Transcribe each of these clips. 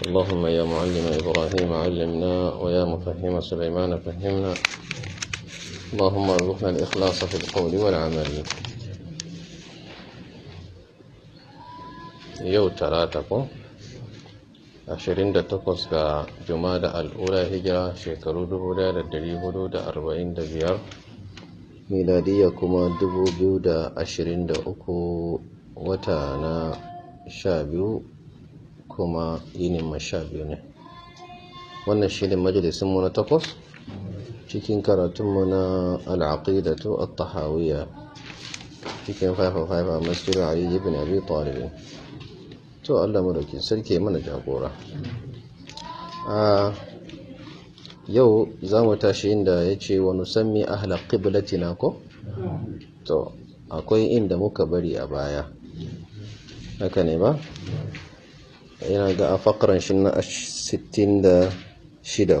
اللهم يا معلم إبراهيم علمنا ويا مفهم سليمان فهمنا اللهم ارزقنا الإخلاص في القول والعمل يو تراتكو دتقص جمادة الأولى هجرة yau talata ko 28 ga juma'a al'ura hijira shekaru 1445 miladiya kuma 2023 wata na 12 kuma yinin masha biyu ne wannan shi ne majalisinmu na takwas cikin karatunmu na al'aqidatu at-tahawiyya cikin faifa a masjidin ali ibn abi talibin to allah madaukin sarki mana jagora yau za mu tashi inda ya ce wani sami ahla na ko? to akwai inda muka bari a baya haka ne ba? هنا جاء فقرا شنا اش ستين ده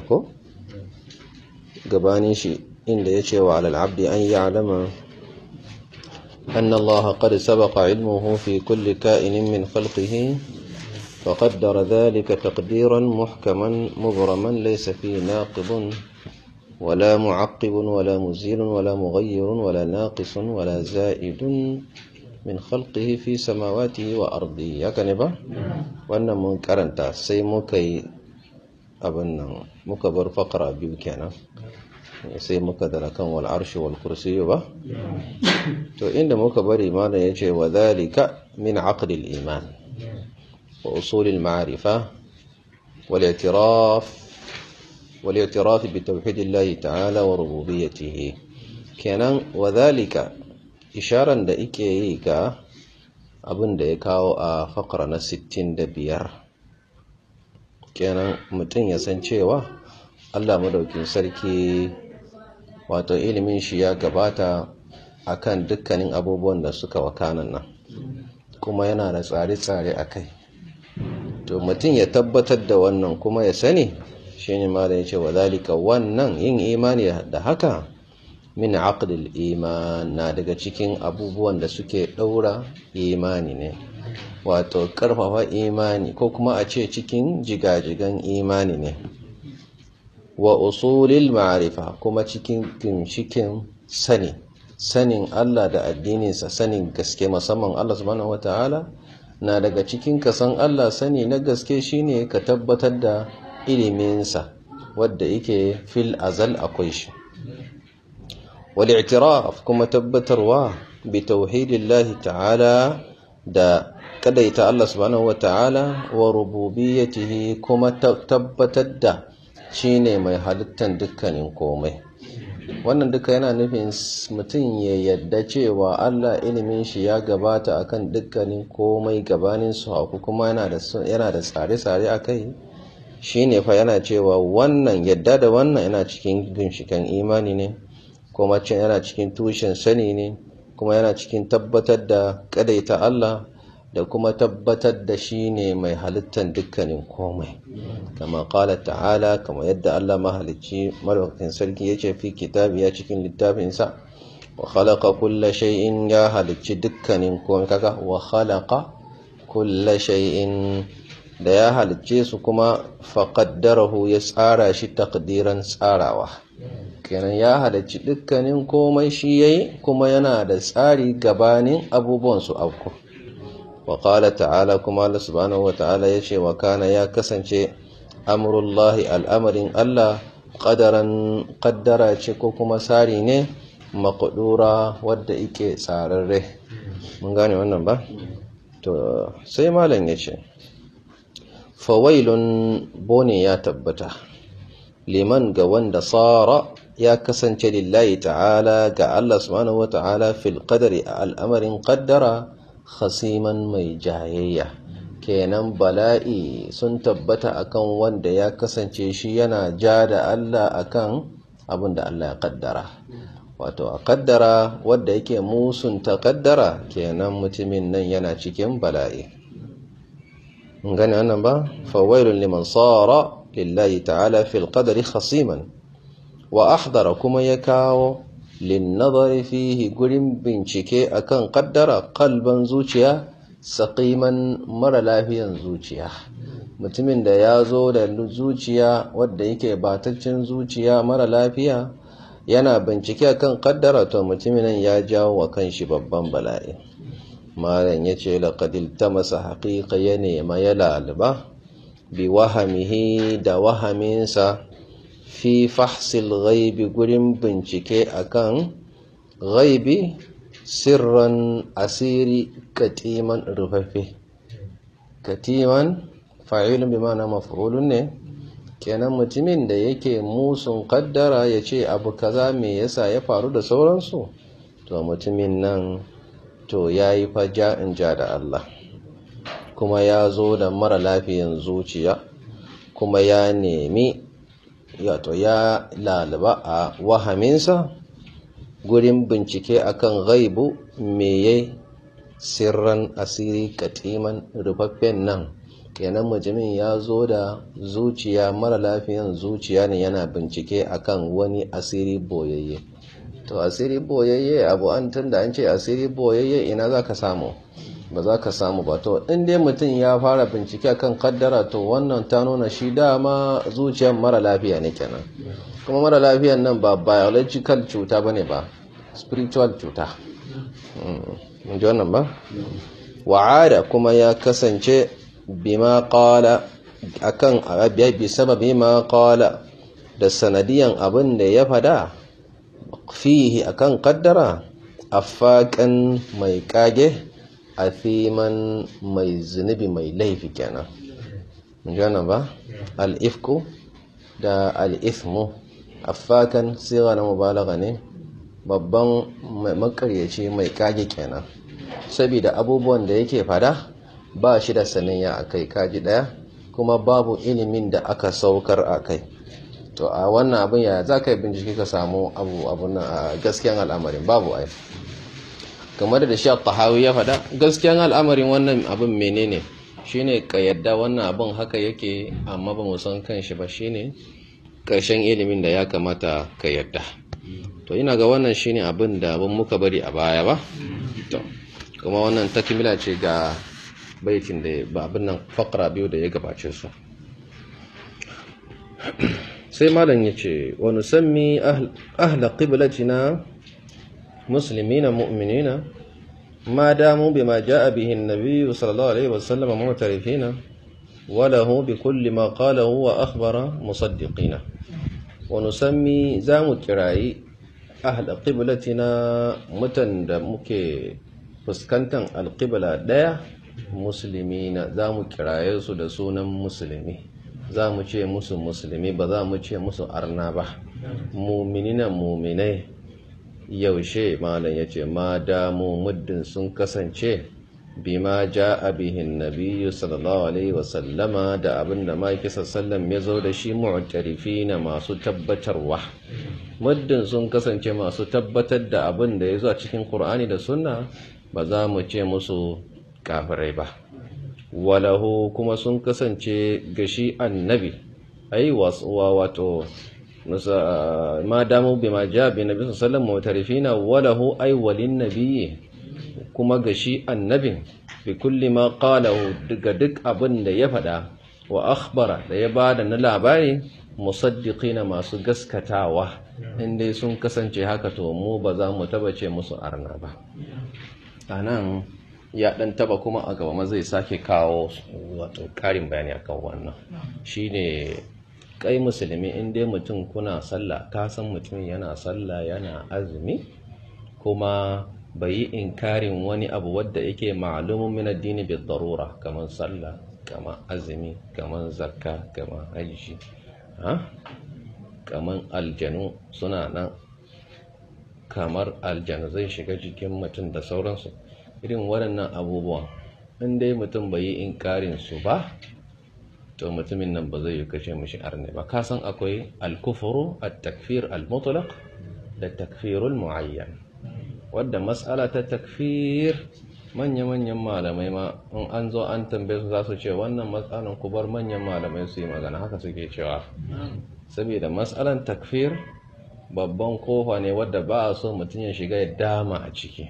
ko gabanin shi ان ده ce wa العبد ان يعلم أن الله قد سبق علمه في كل كائن من خلقه فقدر ذلك تقديرا محكما مبرما ليس فيه ناقض ولا معقب ولا مزيل ولا مغير ولا ناقص ولا زائد من خلقه في سماواته وأرضه يا كنبا وأن منكر أنت سي مكي أبنا مكبر فقرة بيوكينا سي مكدر كان والعرش والكرسي با تو إن مكبر إيمان يجي وذلك من عقل الإيمان وأصول المعرفة والاعتراف والاعتراف بتوحيد الله تعالى وربوبيته كان وذلك isharan da ike yi ga abin da ya kawo a fakara na 65 kenan mutum ya san cewa allah madaukin sarki wato ilimin shi ya gabata akan dukkanin abubuwan da suka wakanan nan kuma yana da tsare-tsare a kai to mutum ya tabbatar da wannan kuma ya sani shi ne ma da ya ce wa zalika wannan yin imani da haka min aqlil iman na daga cikin abubuwan da suke ɗaura imani ne wato karfafa imani ko kuma a ce cikin jigajigan imani ne wa usulil ma'arifa kuma cikin ginshikin sani sanin Allah da addininsa sanin gaske musamman Allah subhanahu wataala na daga cikin kasan Allah sani na gaske shine ka tabbatar da iliminsa wadda yake fil azal akwai shi wal'itiraf kuma tabbatarwa bi tauhidillahi ta'ala da kadaita Allah subhanahu wa rububi wa rububiyyatihi kuma tabbatar da shine mai halittar dukkanin komai wannan duka yana nufin mutum ya yadda cewa Allah ilimin shi ya gabata akan dukkanin komai gabanin su haku kuma yana da tsare-tsare a akai shine fa yana cewa wannan yadda da wannan yana cikin ginshikan imani ne kuma cin yana cikin tushen sani ne kuma yana cikin tabbatar da kadaita Allah da kuma tabbatar da shi ne mai halittar dukkanin komai kama kala ta'ala kama yadda Allah mahalicci malaukakin sarki ya ce fi kitabi ya cikin littafinsa wa khalaqa kulla shay'in ya halicci dukkanin komai kaga wa khalaqa kulla shay'in da ya halicce su kuma faqaddarahu ya tsara shi takdiran tsarawa kenan ya halarci dukkanin komai shi ya yi kuma yana da tsari gabanin abubuwan su afko wa kala ta'ala kuma Allah subhanahu wa ta'ala yace wa kana ya kasance amrullahi al'amarin Allah qadaran ce ko kuma tsari ne makudura wadda yake tsararre mun gane wannan ba to sai malam ce. fawailun bone ya tabbata liman ga wanda tsara ya kasance lillahi ta'ala ga Allah subhanahu wata'ala fil qadari a al'amarin qaddara khasiman mai jayayya kenan bala'i sun tabbata akan wanda ya kasance shi yana ja da Allah akan abin da Allah ya kaddara wato a kaddara wanda yake musun ta kaddara kenan mutumin nan yana cikin bala'i gani wannan ba fawailun liman sara lillahi ta'ala fil qadari khasiman wa ahdara kuma ya kawo linnadari fihi gurin bincike akan kaddara kalban zuciya saƙiman mara lafiyan zuciya mutumin da ya zo da zuciya wadda yake bataccen zuciya mara lafiya yana bincike akan kaddara to mutumin ya jawo wa kanshi babban bala'i malam yace ta masa haƙiƙa ya nema ya lalba bi wahamihi da wahaminsa fi fahsil ghaibi gurin bincike akan ghaibi sirran asiri katiman rufaffe katiman fa'ilun bi ma'ana maf'ulun ne kenan mutumin da yake musun kaddara ya ce abu kaza me yasa ya faru da sauransu to mutumin nan to ya yi faja in ja da Allah kuma ya zo da mara lafiyan zuciya kuma ya nemi wato ya lalaba a wahaminsa gurin bincike akan gaibu meye sirran asiri katiman rufaffen nan kenan mujimin ya zo da zuciya mara lafiyan zuciya ne yana bincike akan wani asiri boyayye to asiri boyayye abu an tun da an ce asiri boyayye ina za ka samu ba za ka samu ba to inda mutum ya fara bincike kan kaddara to wannan ta nuna shi dama zuciyar mara lafiya ne kenan kuma mara lafiyan nan ba biological cuta ba ne ba spiritual cuta in mm-hmm. ji wannan ba wa'ada kuma ya kasance bima qala akan bi sababi ma qala da sanadiyan abin da ya fada fihi akan kaddara a faƙin mai kage afiman mai zunubi mai laifi kenan wannan ba al'ifku da al al-ithmu afakan sira na mubalagha ne babban makaryaci mai kage kenan saboda abubuwan da yake fada ba shi da saniya akai kaji daya kuma babu ilimin da aka saukar a kai to a wannan abin ya za yi bincike ka samu abu abun gaskiyan al'amarin babu ai kamar da sha tahawi ya fada gaskiyan al'amarin wannan abin menene shine ka yadda wannan abin haka yake amma ba mu kan shi ba shine ƙarshen ilimin da ya kamata ka yadda to ina ga wannan shine abin da ban muka bari a baya ba to kuma wannan takmila ce ga baitin da ba abin nan fakra biyu da ya gabace su sai malam ya ce wani sami ahla ƙiblatina مسلمين مؤمنين ما داموا بما جاء به النبي صلى الله عليه وسلم معترفين وله بكل ما قاله وأخبر مصدقين ونسمي زام الكرائي أهل قبلتنا متندمك فسكنتن القبلة ديا مسلمين زام الكرائي سدسونا مسلمين za mu ce musu musulmi ba za mu ce musu arna ba muminina muminai yaushe malam ya ce ma damu muddin sun kasance bima ja abihin nabiyu sallallahu alaihi wasallama da abin da maki sallam ya zo da shi mu'tarifi na masu tabbatarwa muddin sun kasance masu tabbatar da abin da ya zo a cikin Kur'ani da sunna ba za mu ce musu kafirai ba walahu kuma sun kasance gashi annabi ai wasu wato ma damu bi ma ja bi nabi sallallahu mutarifina walahu ay walin nabiyyi kuma ga shi annabin bi kulli ma qalahu daga duk abin da ya faɗa wa akhbara da ya bada na labari musaddiqina masu gaskatawa inda sun kasance haka to mu ba za mu tabace musu arna ba anan ya dan taba kuma a gaba ma zai sake kawo wato karin bayani akan wannan shine kai musulmi in dai mutum kuna sallah ka san mutum yana sallah yana azumi kuma bai yi inkarin wani abu wadda yake ma'alumin min addini bi darura kamar sallah kamar azumi kamar zakka kamar hajji ha kamar aljanu suna nan kamar aljanu zai shiga jikin mutum da sauransu irin waɗannan abubuwan in dai mutum bai yi inkarin su ba to mutumin nan ba zai yi kashe mashi arne ba kasan akwai alkufuru a takfir al da takfirul muayyan wadda mas'ala ta takfir manya-manyan malamai ma in an zo an tambaye su za su ce wannan matsalan kubar manyan malamai su yi magana haka suke cewa saboda matsalan takfir babban kofa ne wadda ba a so mutum ya shiga ya dama a ciki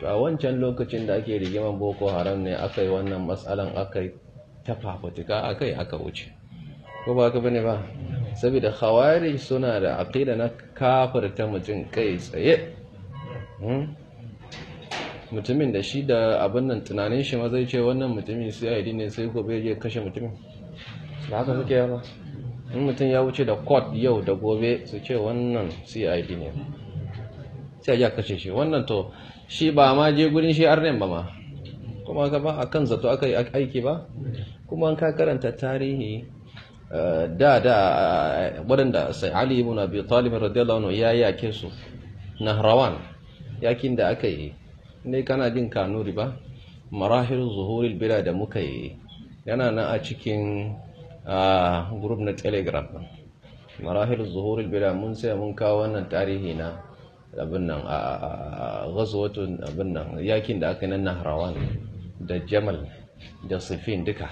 to a wancan lokacin da ake rigimar boko haram ne aka yi wannan matsalan aka yi ta fafutuka kai aka wuce ko ba ka bane ba saboda hawari suna da aƙida na kafar ta mutum kai tsaye hmm? mutumin da shi da abin nan tunanin shi ma zai ce wannan mutumin CID ne sai gobe ya kashe mutumin da haka suke yawa in mutum ya wuce da court yau da gobe su ce wannan CID ne sai ya kashe shi wannan to shi ba ma je gudun shi arnen ba ma kuma ka ba a kan zato aka yi aiki ba kuma an ka karanta tarihi da da waɗanda sai ali ibn abi talib radiyallahu anhu ya yake su nahrawan yakin da aka yi ne kana jin kanuri ba marahil zuhuri bila da muka yi yana nan a cikin group na telegram marahil zuhuri bila mun sai mun kawo wannan tarihi na abin nan a gazuwatun abin nan yakin da aka yi na nahrawan da jamal da sifin duka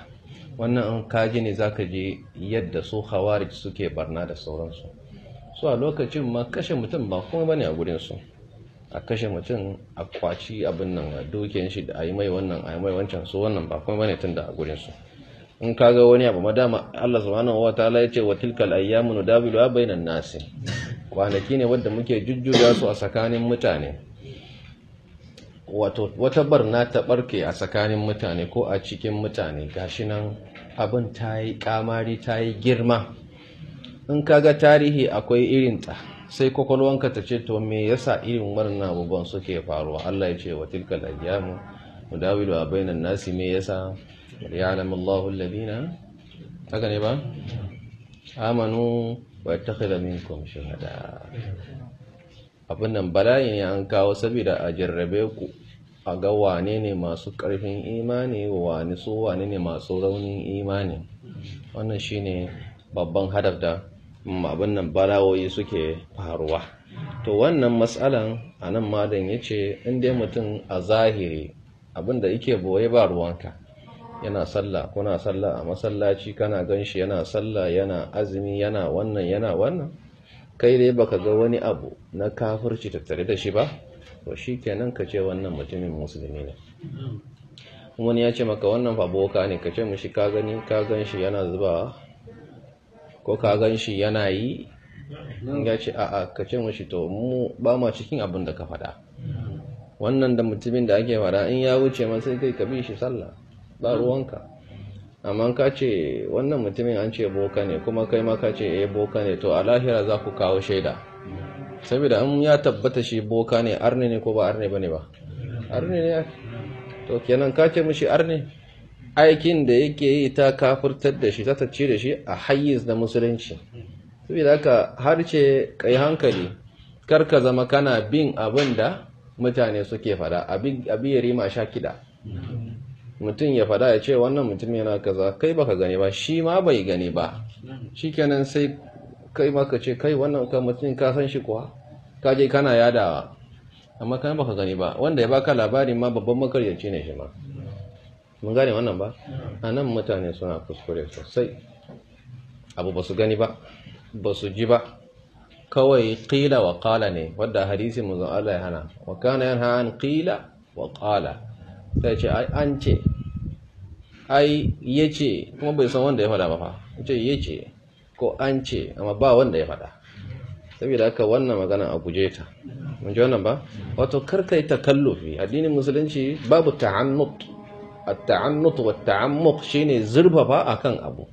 wannan an kaji ne za ka je yadda su hawarij suke barna da sauransu su a lokacin ma kashe mutum ba kuma bane a gurinsu a kashe mutum a kwaci abin nan a dukiyar shi da a yi mai wannan a yi mai wancan su wannan ba kuma bane tun da a gurinsu in ka ga wani abu madama Allah subhanahu wa ta'ala ya ce wa tilkal ayyamu nudabilu bainan nasi kwanaki ne wadda muke jujjuya su a tsakanin mutane wato wata barna ta barke a tsakanin mutane ko a cikin mutane gashi nan abin ta yi kamari ta yi girma in kaga tarihi akwai irinta sai kwakwalwanka ta ce to me yasa irin wannan abubuwan suke faruwa Allah ya ce wa tilka ayyamu mudawilu a bainan nasi me yasa ya'lamu Allahu alladhina haka ne ba amanu wa yattakhidha minkum shuhada abin nan bala'i ne an kawo saboda a jarrabe ku a ga wane ne masu ƙarfin imani wane su wane ne masu raunin imani wannan shine babban hadaf da mm, abin nan balawoyi suke faruwa to wannan matsalan a nan madan ya ce inda mutum a zahiri abinda yake boye ba ruwanka yana sallah kuna sallah a masallaci kana ganshi yana sallah yana azumi yana wannan yana wannan kai dai baka ga wani abu na kafirci tattare da shi ba to shi kenan ka ce wannan mutumin musulmi ne wani ya ce maka wannan faboka ne ka ce mushi ka gani ka gan shi yana zuba ko ka gan shi yana yi ya ce a'a ka ce mushi to mu ba ma cikin abin da ka faɗa wannan da mutumin da ake faɗa in ya wuce masu kai ka bi shi sallah ba ruwanka amma ka ce wannan mutumin an ce boka ne kuma kai ma ka ce eh boka ne to a lahira za ku kawo shaida saboda an ya tabbata shi boka ne arne ne ko ba arne bane ba arne ne to kenan ka ce mishi arne aikin da yake yi ta kafurtar da shi ta da shi a hayyiz da musulunci saboda haka har ce kai hankali kar ka zama kana bin abin da mutane suke fada abin ya rima sha kida mutum ya fada ya ce wannan mutum yana kaza kai baka gani ba shi ma bai gani ba shi kenan sai kai ma ka ce kai wannan ka mutum ka san shi kuwa ka je kana yadawa amma kan baka gani ba wanda ya baka labarin ma babban makaryaci ne shi ma mun gane wannan ba a nan mutane suna kuskure sosai abu ba su gani ba ba su ji ba kawai ƙila wa ƙala ne wadda hadisi mu Allah ya hana wa kana yana an ƙila wa ƙala sai ce an ce ai ya kuma bai san wanda ya faɗa ba fa ce yace ko an ce amma ba wanda ya faɗa saboda aka wannan magana a guje ta mun ji wannan ba wato karkai takallufi addinin musulunci babu ta'annut at-ta'annut wa at-ta'ammuq shine zurfafa akan abu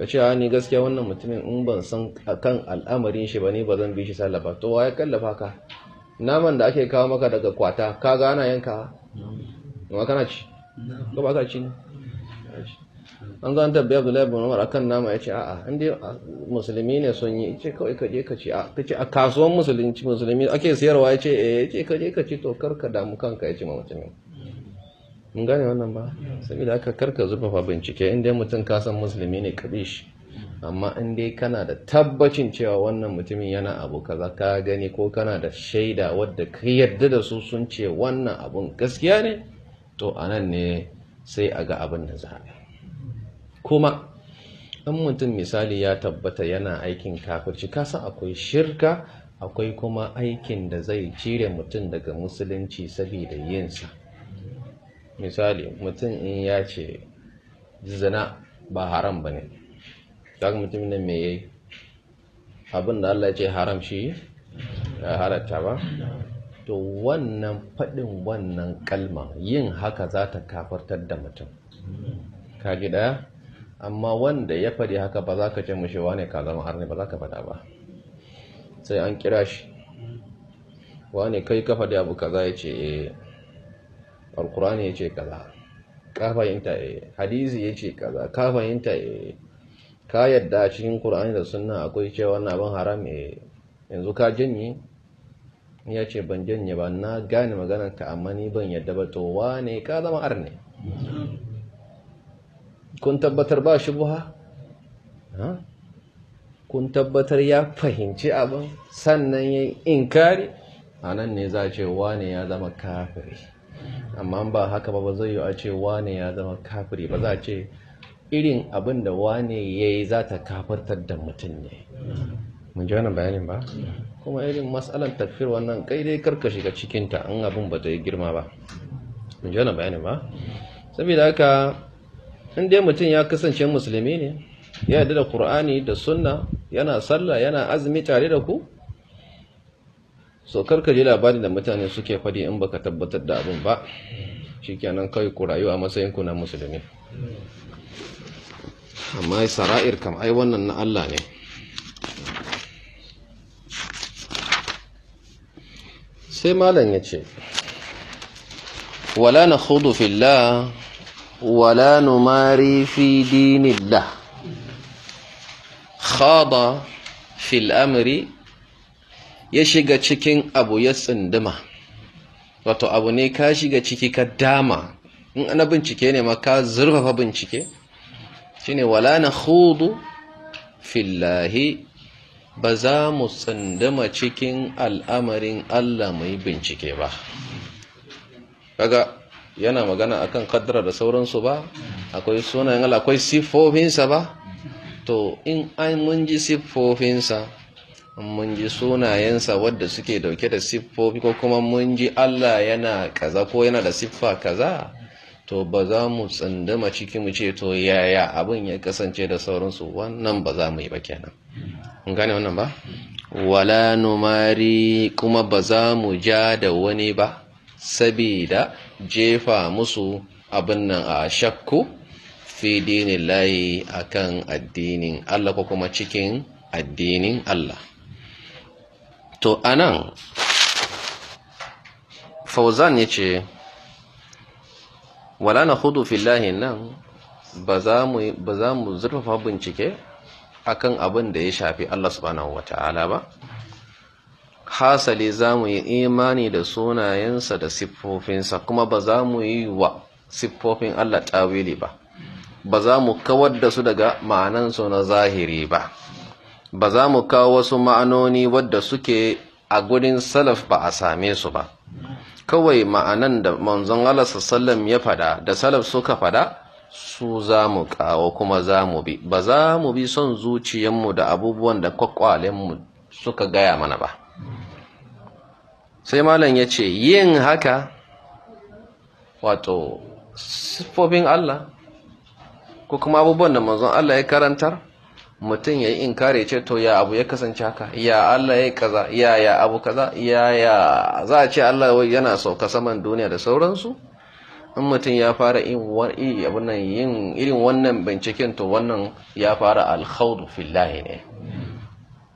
kace ah, ni gaskiya wannan mutumin in ban san akan al'amarin shi bane ba zan bi shi sallafa to ya kallafa ka naman da ake kawo maka daga kwata ka gana yanka ma kana ci ko ba ka ci ne an zo an Abdullahi ibn Umar akan nama ya ce a'a in dai musulmi ne sun yi ce kawai ka je ka ci a ce a kasuwan musulunci musulmi ake siyarwa ya ce eh ce ka je ka ci to karka damu kanka ya ce ma mutumin mun gane wannan ba saboda haka karka zubafa bincike in dai mutum ka san musulmi ne ka bi shi amma in dai kana da tabbacin cewa wannan mutumin yana abu kaza ka gani ko kana da shaida wadda ka yarda da su sun ce wannan abun gaskiya ne to anan ne sai a ga abin da za a yi kuma in mutum misali ya tabbata yana aikin kafirci kasa akwai shirka akwai kuma aikin da zai cire mutum daga musulunci saboda yinsa misali mutum in ya ce zina ba haram ba ne daga mutum ne mai yi abin da Allah ce haram shi ya halatta ba to wannan faɗin wannan kalma yin haka za ta kafartar da mutum kaji ɗaya amma wanda ya faɗi haka ba za ka ce mushi wane ka zama ne ba za ka faɗa ba sai an kira shi wane kai ka faɗi abu kaza ya ce eh alkurani ya ce kaza ka fahimta eh hadizi ya ce kaza ka fahimta eh ka yadda cikin kur'ani da sunna akwai cewa wannan abin haram eh yanzu ka janye ya ce ban janye ba na gane maganar ka amma ni ban yadda ba to wane ka zama arne kun tabbatar ba shi buha kun tabbatar ya fahimci abin sannan ya inkari a nan ne za a ce wane ya zama kafiri amma ba haka ba zai yi a ce wane ya zama kafiri ba za a ce irin abin da wane ya yi za ta kafartar da mutum ne mun ji wannan bayanin ba kuma irin matsalan tafiyar wannan kai dai karka shiga cikinta an abin ba ta yi girma ba mun ji wannan bayanin ba saboda haka in dai mutum ya kasance musulmi ne ya yarda da Kur'ani da sunna yana sallah yana azumi tare da ku Saukar ka je labarin da mutane suke faɗi in baka tabbatar da abin ba shikenan kai ku rayu a matsayin ku na musulmi amma sara'ir kam ai wannan na Allah ne sai malam ya ce wala na khudu fillah ولا نماري في دين الله خاض في الأمر cikin abu ya tsunduma. wato abu ne ka shiga ciki ka dama in ana bincike ne ma ka zurfafa bincike shine wala na hudu fillahi ba za mu tsunduma cikin al'amarin Allah mai bincike ba kaga yana magana akan kaddara da sauransu ba akwai sunayen Allah akwai siffofinsa ba to in an mun ji siffofinsa mun ji sunayensa wadda suke dauke da siffofi ko kuma mun ji Allah yana kaza ko yana da siffa kaza to ba za mu tsandama ciki mu ce to yaya abin ya kasance da sauransu wannan ba za mu yi ba kenan mun gane wannan ba wala numari kuma ba za mu ja da wani ba sabida jefa musu abin nan a shakku fi dinin layi akan addinin Allah ko kuma cikin addinin Allah to anan fauzan ya ce. wala na hudu fillahi nan ba za mu zurfafa bincike akan abin da ya shafi Allah subhanahu wataala ba hasali za mu yi imani da sunayensa da siffofinsa kuma ba za mu yi wa siffofin Allah tawili ba ba za mu kawar da su daga ma'anansu na zahiri ba ba za mu kawo wasu ma'anoni wadda suke a gudun salaf ba a same su ba kawai ma'anan da manzon Allah sallam ya fada da salaf suka fada su za mu kawo kuma za mu bi ba za mu bi son zuciyanmu da abubuwan da kwakwalenmu suka gaya mana ba sai malam ya ce yin haka wato siffofin Allah ko kuma abubuwan da manzon Allah ya karantar mutum ya yi inkare ce to ya abu ya kasance haka ya Allah ya kaza ya ya abu kaza ya ya za a ce Allah yana sauka saman duniya da sauransu in mutum ya fara yin irin wannan binciken to wannan ya fara alkhawdu fillahi ne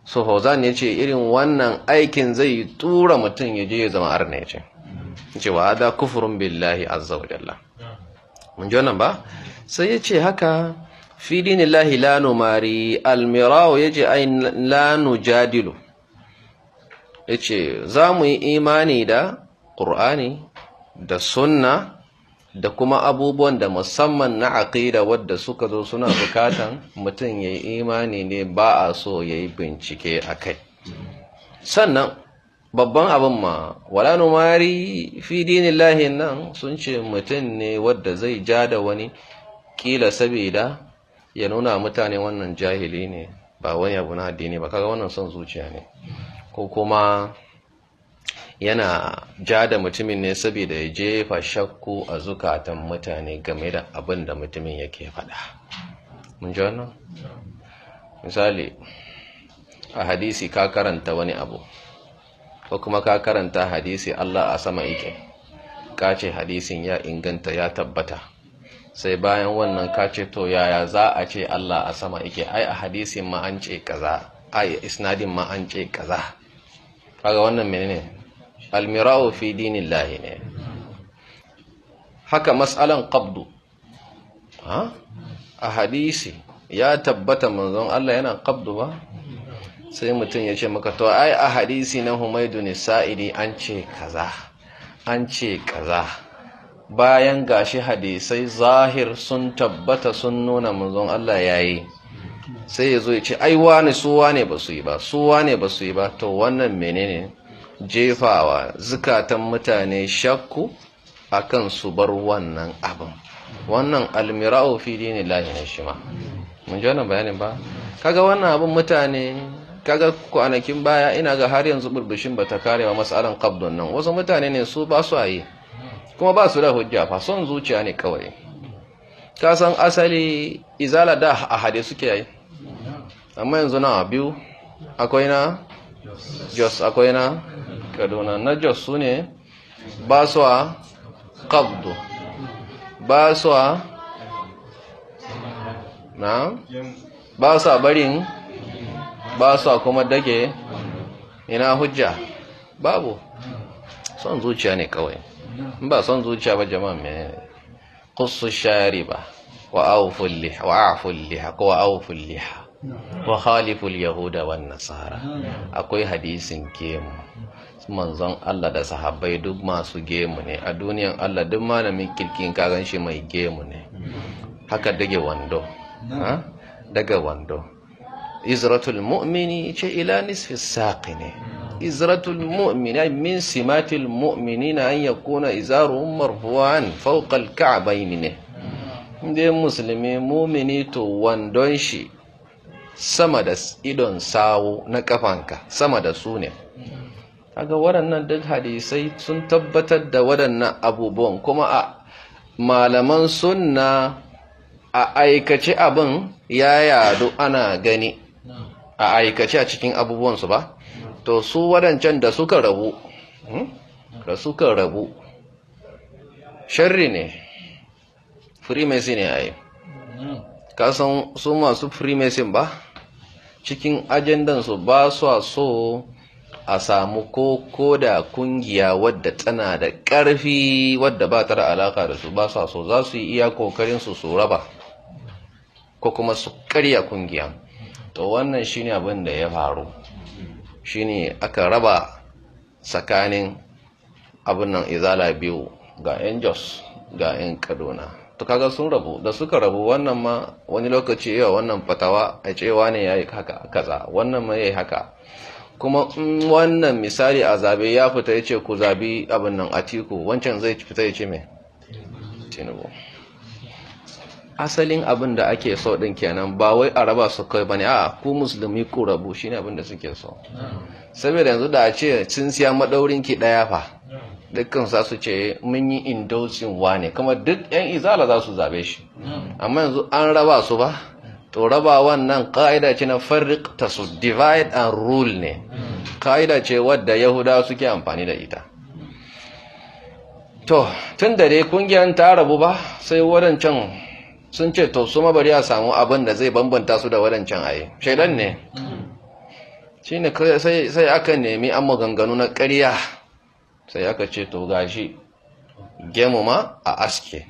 so fauzan ya ce irin wannan aikin zai tura mutum yaje ya zama arna ya ce cewa da kufurin billahi azza wa jalla mun ji wannan ba sai ya ce haka fi lahi la mari, almirawo ya ce ai la jadilu. ya ce za mu yi imani da ƙur'ani da sunna da kuma abubuwan da musamman na aƙida wadda suka zo suna bukatan mutum ya yi imani ne ba a so ya yi bincike a kai sannan babban abin ma wala numari fi lahin nan sun ce mutum ne wadda zai ja da wani kila saboda ya nuna mutane wannan jahili ne ba wani abu na addini ba kaga wannan son zuciya ne ko kuma yana ja da mutumin ne saboda ya jefa shakku a zukatan mutane game da abin da mutumin yake faɗa mun ji wannan misali a hadisi ka karanta wani abu ko kuma ka karanta hadisi Allah a sama ike, ka ce hadisin ya inganta ya tabbata sai bayan wannan ka ce to yaya za a ce Allah a sama ike, ai a hadisin ma an ce kaza ai isnadin ma an ce kaza kaga wannan menene almirawo fi dinin lahi ne haka matsalan ƙabdu a hadisi ya tabbata manzon Allah yana ƙabdu ba sai mutum ya ce maka to ai a hadisi na humaidu ne sa'idi an ce kaza an ce kaza bayan gashi hadisai zahir sun tabbata sun nuna manzon Allah yayi sai ya zo ya ce ai wani suwa ne ba su yi ba suwa ne ba su yi ba to wannan menene jefawa zukatan mutane shakku akan su bar wannan abin wannan almirawo fili ne ne shi ma mun ji wannan bayanin ba kaga wannan abin mutane kaga kwanakin baya ina ga har yanzu burbushin bata kare wa mas'alan kabdon nan wasu mutane ne su ba su ayi kuma ba su da hujja fa son zuciya ne kawai ka san asali izala da a hade suke yi amma yanzu na biyu akwai na jos akwai na kaduna najas su ne ba su a kabdu ba su a na ba su a barin ba su a kuma dage ina hujja babu son zuciya ne kawai ba son zuciya ba jama'a mai kusu shari ba wa auful liha wa khalifu liha ko wa yahuda wan nasara akwai hadisin kemu manzon Allah da sahabbai duk masu gemu ne a duniyan Allah duk malamin kirkin kagan shi mai gemu ne haka dage wando daga wando izratul mu'mini ce ila nisfi saqi ne izratul mu'mini min simatil mu'minina an yakuna izaruhum marfu'an fawqa al-ka'bayn ne inda musulmi mu'mini to wandon shi sama da idon sawu na kafanka sama da su ne kaga waɗannan duk hadisai sun tabbatar da waɗannan abubuwan kuma a malaman sunna a aikace abin ya yadu ana gani a aikace a cikin abubuwansu ba to su waɗancan da suka rabu hmm? da suka rabu shari ne freemason ne yi kasan su masu freemason ba cikin ajandansu ba su so a samu ko koda kungiya wadda tana da ƙarfi wadda ba ta da alaka da su ba sa so za su yi iya kokarin su su raba ko kuma su karya kungiya to wannan shine abin da ya faru shine aka raba tsakanin abin nan izala biyu ga yan jos ga yan kaduna to kaga sun rabu da suka rabu wannan ma wani lokaci yawa wannan fatawa a cewa ne ya yi haka kaza wannan ma ya yi haka kuma wannan misali a zabe ya fita ya ce ku zabi abin nan atiku wancan zai fita ya ce mai tinubu asalin abin da ake so din kenan ba wai a raba su kai bane a ku musulmi ku rabu shine abin da suke so saboda yanzu da a ce sun siya madaurin ki daya fa dukkan za su ce mun yi indocin wane kuma duk yan izala za su zabe shi amma yanzu an raba su ba to rabawan nan ƙa'ida ce na farrik ta su divide and rule ne ƙa'ida ce wadda yahuda suke amfani da ita to tun da dai kungiyar ta rabu ba sai wadancan sun ce to su mabari a samu abin da zai bambanta su da wadancan ayi shaidan ne shi ne sai aka nemi an maganganu na ƙarya sai aka ce to gashi gemu ma a aske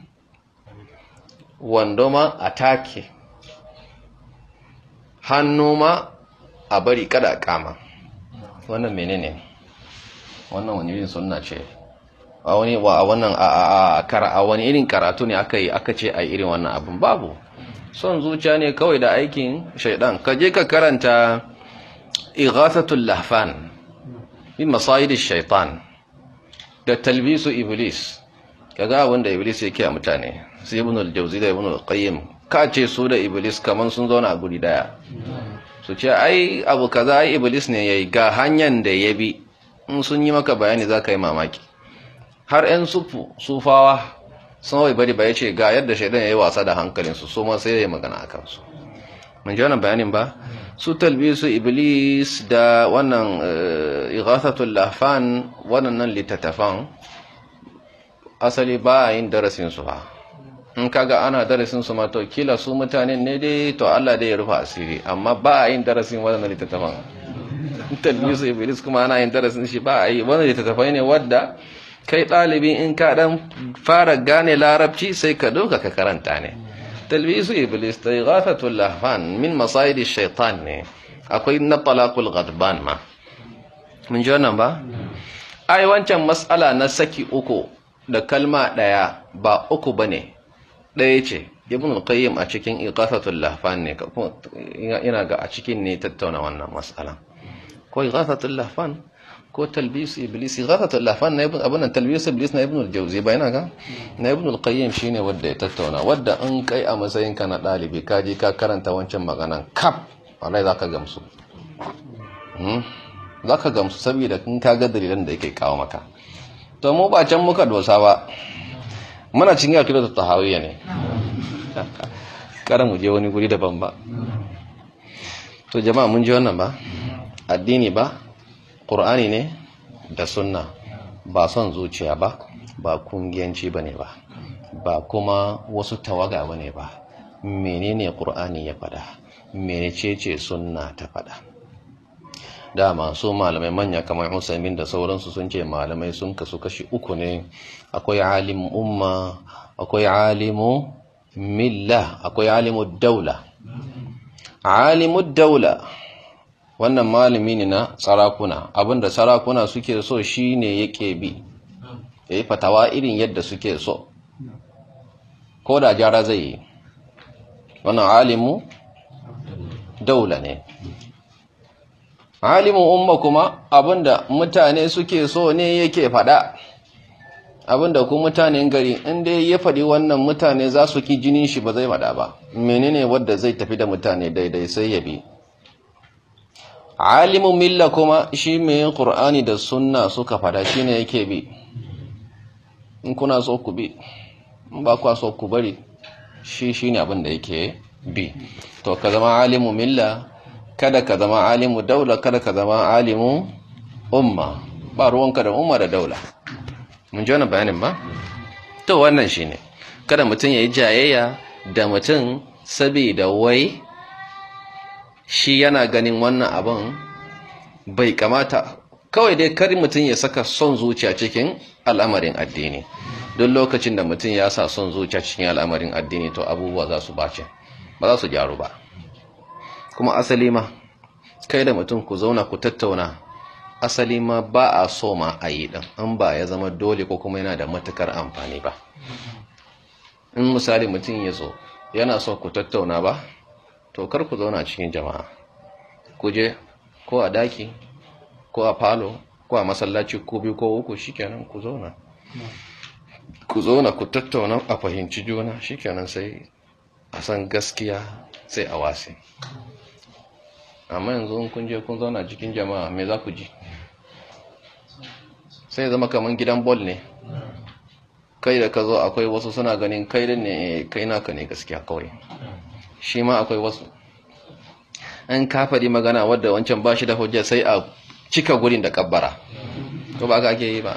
wando ma a take hannu ma a bari kada a kama wannan menene wannan wani irin sunna ce a wani a wannan a a wani irin karatu ne aka yi aka ce a irin wannan abin babu son zuciya ne kawai da aikin shaidan ka je ka karanta ighathatul lahfan min masayidish shaitan da talbisu iblis kaga wanda iblis yake a mutane sai ibnul jawzi da ibnul qayyim ka ce su da iblis kamar sun zauna a guri daya su ce ai abu kaza ai iblis ne yayi ga hanyar da ya bi in sun yi maka bayani za ka yi mamaki har 'yan sufu sufawa sun wai bari ba ya ce ga yadda shaidan ya yi wasa da hankalinsu su ma sai ya yi magana a kansu mun ji wannan bayanin ba su talbisu iblis da wannan eh, ighathatul lafan wannan littattafan asali ba yin darasin su ba in kaga ana darasin su ma to kila su mutanen ne dai to Allah dai ya rufa asiri amma ba a yin darasin wannan littattafan talmisu iblis kuma ana yin darasin shi ba a yi wannan littattafai ne wadda kai ɗalibi in ka dan fara gane larabci sai ka doka ka karanta ne talmisu iblis taghafatul lahfan min masaidi shaitan ne akwai na talaqul ghadban ma mun ji wannan ba ai wancan mas'ala na saki uku da kalma daya ba uku bane ɗaya ce ibn qayyim a cikin iqasatul lahfan ne ina ga a cikin ne tattauna wannan mas'alan ko iqasatul lahfan ko talbis iblis iqasatul lahfan na ibn abunan talbis iblis na ibn al-jawzi ba ina ga na ibn al-qayyim shine wanda ya tattauna wanda in kai a matsayin ka na dalibi ka je ka karanta wancan maganan kaf wallahi zaka gamsu hmm? zaka gamsu saboda kin ga dalilan da yake kawo maka to mu ba can muka dosa ba muna cikin akidar tahawiyya ne kada mu je wani guri daban ba to jama'a mun ji wannan ba addini ba qur'ani ne da sunna ba son zuciya ba ba kungiyanci bane ba ba kuma wasu tawaga bane ba menene qur'ani ya fada menecece sunna ta fada dama su malamai manya kamar Usaimin da sauransu sun ce malamai sun kasu kashi uku ne akwai alimu umma akwai alimu milla akwai alimu daula alimu daula wannan malami ne na sarakuna abinda sarakuna suke so shine yake bi ya yi fatawa irin yadda suke so ko da jara zai yi wannan alimu daula ne alimu umma kuma abinda mutane suke so ne yake fada abinda ku mutanen gari inda ya faɗi wannan mutane za su ki jinin shi ba zai mada ba menene wadda zai tafi da mutane daidai sai ya bi alimun milla kuma shi mai ƙur'ani da sunna suka faɗa shi ne yake bi in kuna so ku bi in ba kwa so ku bari shi shi ne abinda yake bi to ka zama alimun milla kada ka zama alimun daula kada ka zama alimun umma ba ruwanka da umma da daula mun ji wani bayanin ba to wannan shi ne, kada mutum ya yi jayayya da mutum saboda wai shi yana ganin wannan abin bai kamata kawai dai kar mutum ya saka son zuciya cikin al'amarin addini duk lokacin da mutum ya sa son zuciya cikin al'amarin addini to abubuwa za su bace ba za su gyaru ba kuma asali ma kai da mutum ku zauna ku tattauna asali ma ba a so ma a yi ɗan an ba ya zama dole ko kuma yana da matukar amfani ba in misali mutum ya zo yana so ku tattauna ba to kar ku zauna cikin jama'a ku je ko a daki ko a falo ko a masallaci ko biyu ko uku shikenan ku zauna ku zauna ku tattauna a fahimci juna shikenan sai a san gaskiya sai a wasi amma yanzu kun je kun zauna cikin jama'a me za ku ji sai zama kamar gidan bol ne kai da ka zo akwai wasu suna ganin kai ne eh, kai naka ne gaskiya kawai shi ma akwai wasu an kafari magana wadda wancan ba shi da hujja sai a cika gurin da kabbara to ba ka ake yi ba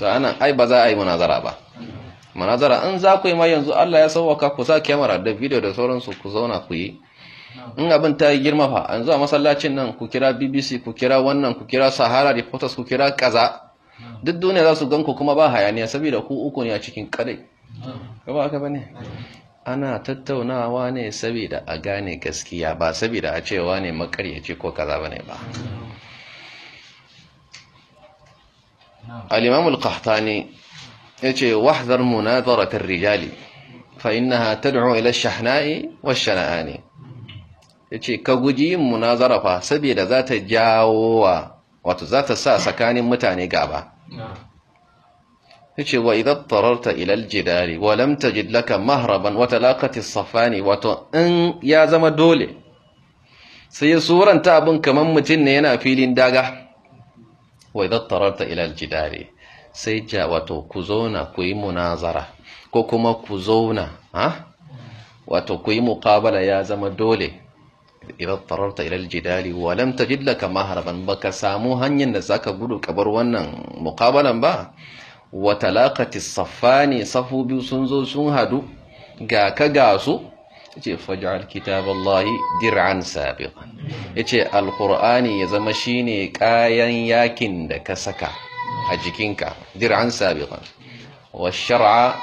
to ana ai ba za a yi munazara ba munazara an za ku yi ma yanzu Allah ya sauwaka ku sa kyamara da video da sauransu ku zauna ku yi in abin ta yi girma fa yanzu a masallacin nan ku kira BBC ku kira wannan ku kira Sahara Reporters ku kira kaza duk duniya za su ganku kuma ba hayaniya saboda ku uku ne a cikin kadai ba haka bane ana tattaunawa ne saboda a gane gaskiya ba saboda a cewa ne makaryaci ko kaza bane ba al-imam al-qahtani yace wahzar munadharat ar-rijali fa innaha tad'u ila ash-shahna'i wash-shana'ani yace ka guji munazara fa saboda za ta jawo wa wato za ta sa tsakanin mutane gaba ce, wa idan tararta ilal jidari wa lam tajid laka mahraban wa talaqati safani wato in ya zama dole sai ya suranta abin kamar mutum ne yana filin daga wa idan tararta ilal jidari sai ja wato ku zauna ku yi munazara ko kuma ku zauna wato ku yi muqabala ya zama dole idza tararta ila aljidali wa lam tajid laka mahraban baka samu hanyar da zaka gudu bar wannan muqabalan ba wa talaqati saffani safu biyu sun zo sun hadu ga ka ga su yace faj'al kitaballahi dir'an sabiqan yace alqur'ani ya zama shine kayan yakin da ka saka a jikinka dir'an sabiqan wa shar'a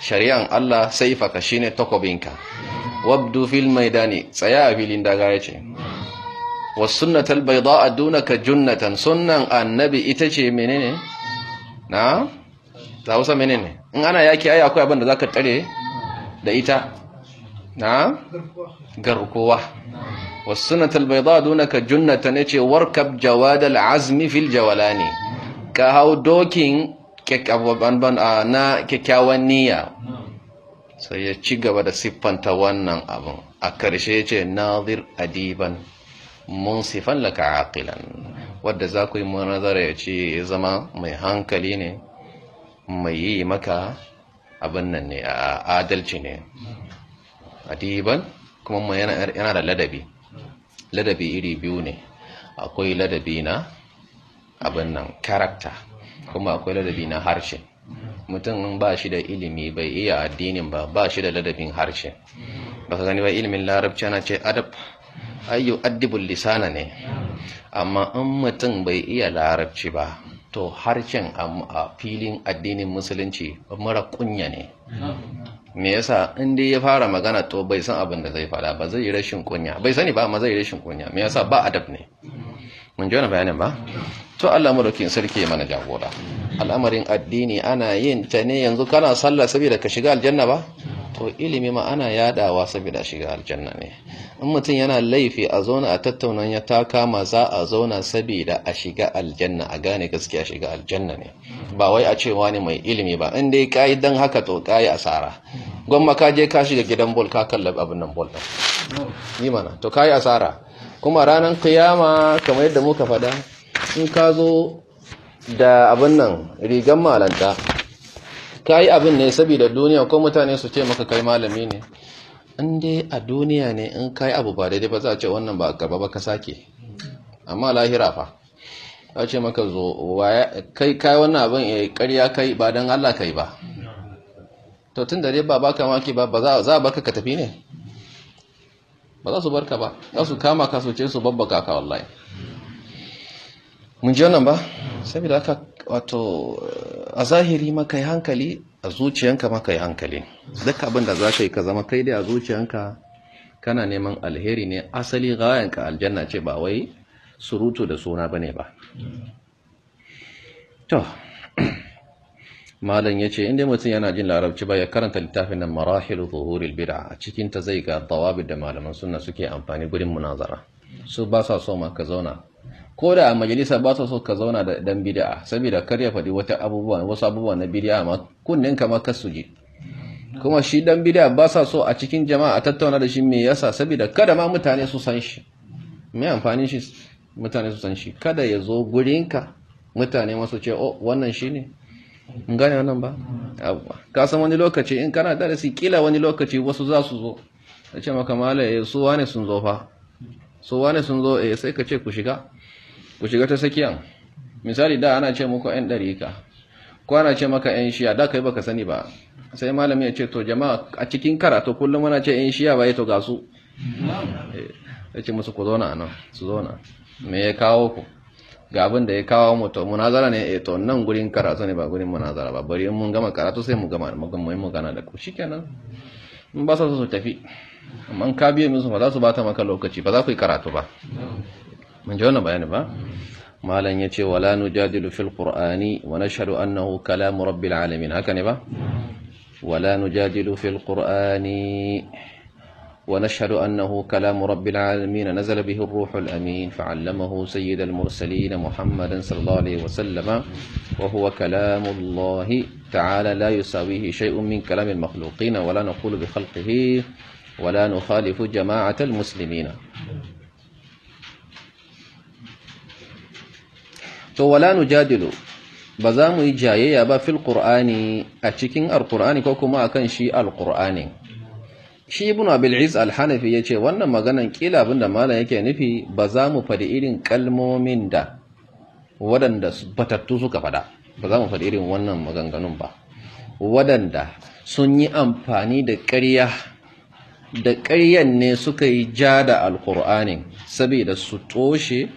shari'an Allah sai saifaka shine takobinka wabdu fil maidani tsaya a filin daga yace was sunnatul a dunaka junnatan sunan annabi ita ce menene na ta wasa menene in ana yaki ai akwai abin da zaka tare da ita na garkuwa was sunnatul a dunaka junnatan ce warkab jawadal azmi fil jawalani ka hau dokin na kyakkyawan niyya sai ya ci gaba da siffanta wannan abin a ƙarshe ce nazir adiban siffan laka aqilan wadda za ku yi manazara ya ce zama mai hankali ne mai yi maka abin nan ne a adalci ne adiban kuma yana da ladabi ladabi iri biyu ne akwai ladabi na abin nan karakta kuma akwai ladabi na harshe mutum ba shi da ilimi bai iya addinin ba ba shi da ladabin harshe ba ka gani ba ilimin larabci ana ce adab ayyu addibul lisana ne amma in mutum bai iya larabci ba to harshen a filin addinin musulunci mara kunya ne me yasa in dai ya fara magana to bai san abin da zai fada ba zai yi rashin kunya bai sani ba amma zai yi rashin kunya me yasa ba adab ne mun ji wani bayanin ba to Allah madaukin sarki mana jagora al'amarin addini ana yin ta ne yanzu kana sallah saboda ka shiga aljanna ba to ilimi ma ana yadawa saboda shiga aljanna ne in mutum yana laifi a zauna a tattaunan ya taka kama za a zauna saboda a shiga aljanna a gane gaskiya shiga aljanna ne ba wai a cewa ne mai ilimi ba in dai kai dan haka to kai asara gwamma ka je ka shiga gidan bol ka kallabi abin nan bol din ni mana to kai asara kuma ranar kiyama kamar yadda muka fada in ka zo da abin nan rigan malanta ka yi abin ne saboda duniya ko mutane su ce maka kai malami ne in dai a duniya ne in ka yi abu ba daidai ba za a ce wannan ba gaba ba ka sake amma lahira fa a ce maka zo kai kai wannan abin ya eh, karya kai ba don Allah kai ba to tun da dai ba baka maki ba za a baka ka tafi ne ba za su barka ba za su kama ka su ce su babba kaka wallahi mun ji wannan ba saboda haka wato a zahiri ma kai hankali a zuciyanka ma kai hankali duk abin da za ka yi ka zama kai dai a zuciyanka kana neman alheri ne asali gayanka aljanna ce ba wai surutu da suna ba ne ba to malam ce inda mutum yana jin larabci ba ya karanta littafin nan marahilu zuhuril bid'a a cikin ta zai ga dawabi da malaman suna suke amfani gurin munazara su ba sa so ma ka zauna ko da a majalisa ba su so ka zauna da dan bid'a saboda kar ya faɗi wata abubuwa wasu abubuwa na bid'a ma kunnin ka ma kasu je kuma shi dan bid'a ba sa so a cikin jama'a a tattauna da shi me yasa saboda kada ma mutane su san shi me amfanin shi mutane su san shi kada ya zo gurinka mutane masu ce oh wannan shi ne? in gane wannan ba ka san wani lokaci in kana darasi kila wani lokaci wasu za su zo ce maka malaye eh, su wane sun zo fa su wane sun zo eh sai ka ce ku shiga ku shiga ta sakiyan misali da ana ce muku yan ɗarika ko ana ce maka yan shiya da kai baka sani ba sai malami ya ce to jama'a a cikin karatu kullum ana ce yan shiya ba ya to ga su eh, ya ce musu ku zauna a nan su zauna me ya kawo ku ga abin da ya kawo to munazara ne e to nan gurin karatu ne ba gurin munazara ba bari in mun gama karatu sai mu gama magamai mu gana da ku shikenan in ba sa su tafi amma ka biye musu ba za su bata maka lokaci ba za ku yi karatu ba من جونا بيان با ما لن يتي ولا نجادل في القرآن ونشهد أنه كلام رب العالمين هكا نبا ولا نجادل في القرآن ونشهد أنه كلام رب العالمين نزل به الروح الأمين فعلمه سيد المرسلين محمد صلى الله عليه وسلم وهو كلام الله تعالى لا يساويه شيء من كلام المخلوقين ولا نقول بخلقه ولا نخالف جماعة المسلمين to wala nujadilu ba za mu yi jayayya ba fil qur'ani a cikin alqur'ani ko kuma akan shi alqur'ani shi ibn abil iz al-hanafi yace wannan maganan kila abinda malam yake nufi ba za mu fadi irin kalmomin da wadanda batattu suka fada ba za mu fadi irin wannan maganganun ba wadanda sun yi amfani da ƙarya da ƙaryan ne suka yi ja da alqur'ani saboda su toshe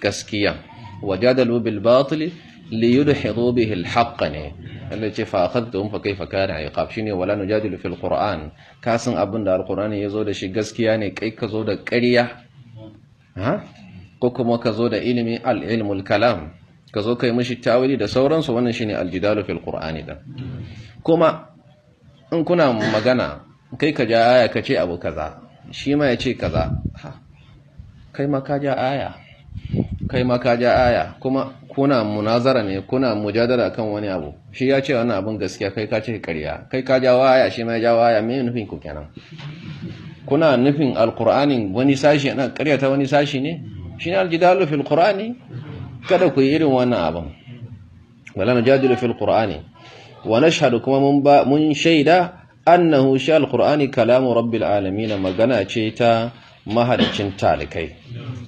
gaskiya wajadalu bil batil li yudhidu bihi al haqq ne Allah ce fa akhadhtum fa kaifa kana iqab shine wala nujadilu fil qur'an kasan abin da alqur'ani yazo da shi gaskiya ne kai ka zo da ƙarya ko kuma ka zo da ilimi kalam ka zo kai mishi tawili da sauransu wannan shine al jidalu fil qur'ani kuma in kuna magana kai ka ja aya ya ce kai ma ka ja aya kai ma ka ja aya kuma kuna munazara ne kuna mujadala kan wani abu shi ya ce wannan abin gaskiya kai ka ce ƙarya kai ka ja aya shi ma jawo aya mai nufin ku kenan kuna nufin alqur'anin wani sashi na ƙarya ta wani sashi ne ne aljidalu fil qur'ani kada ku yi irin wannan abin wala najadilu fil qur'ani wa nashhadu kuma mun mun shaida annahu shal qur'ani kalamu rabbil alamin magana ce ta mahalicin talikai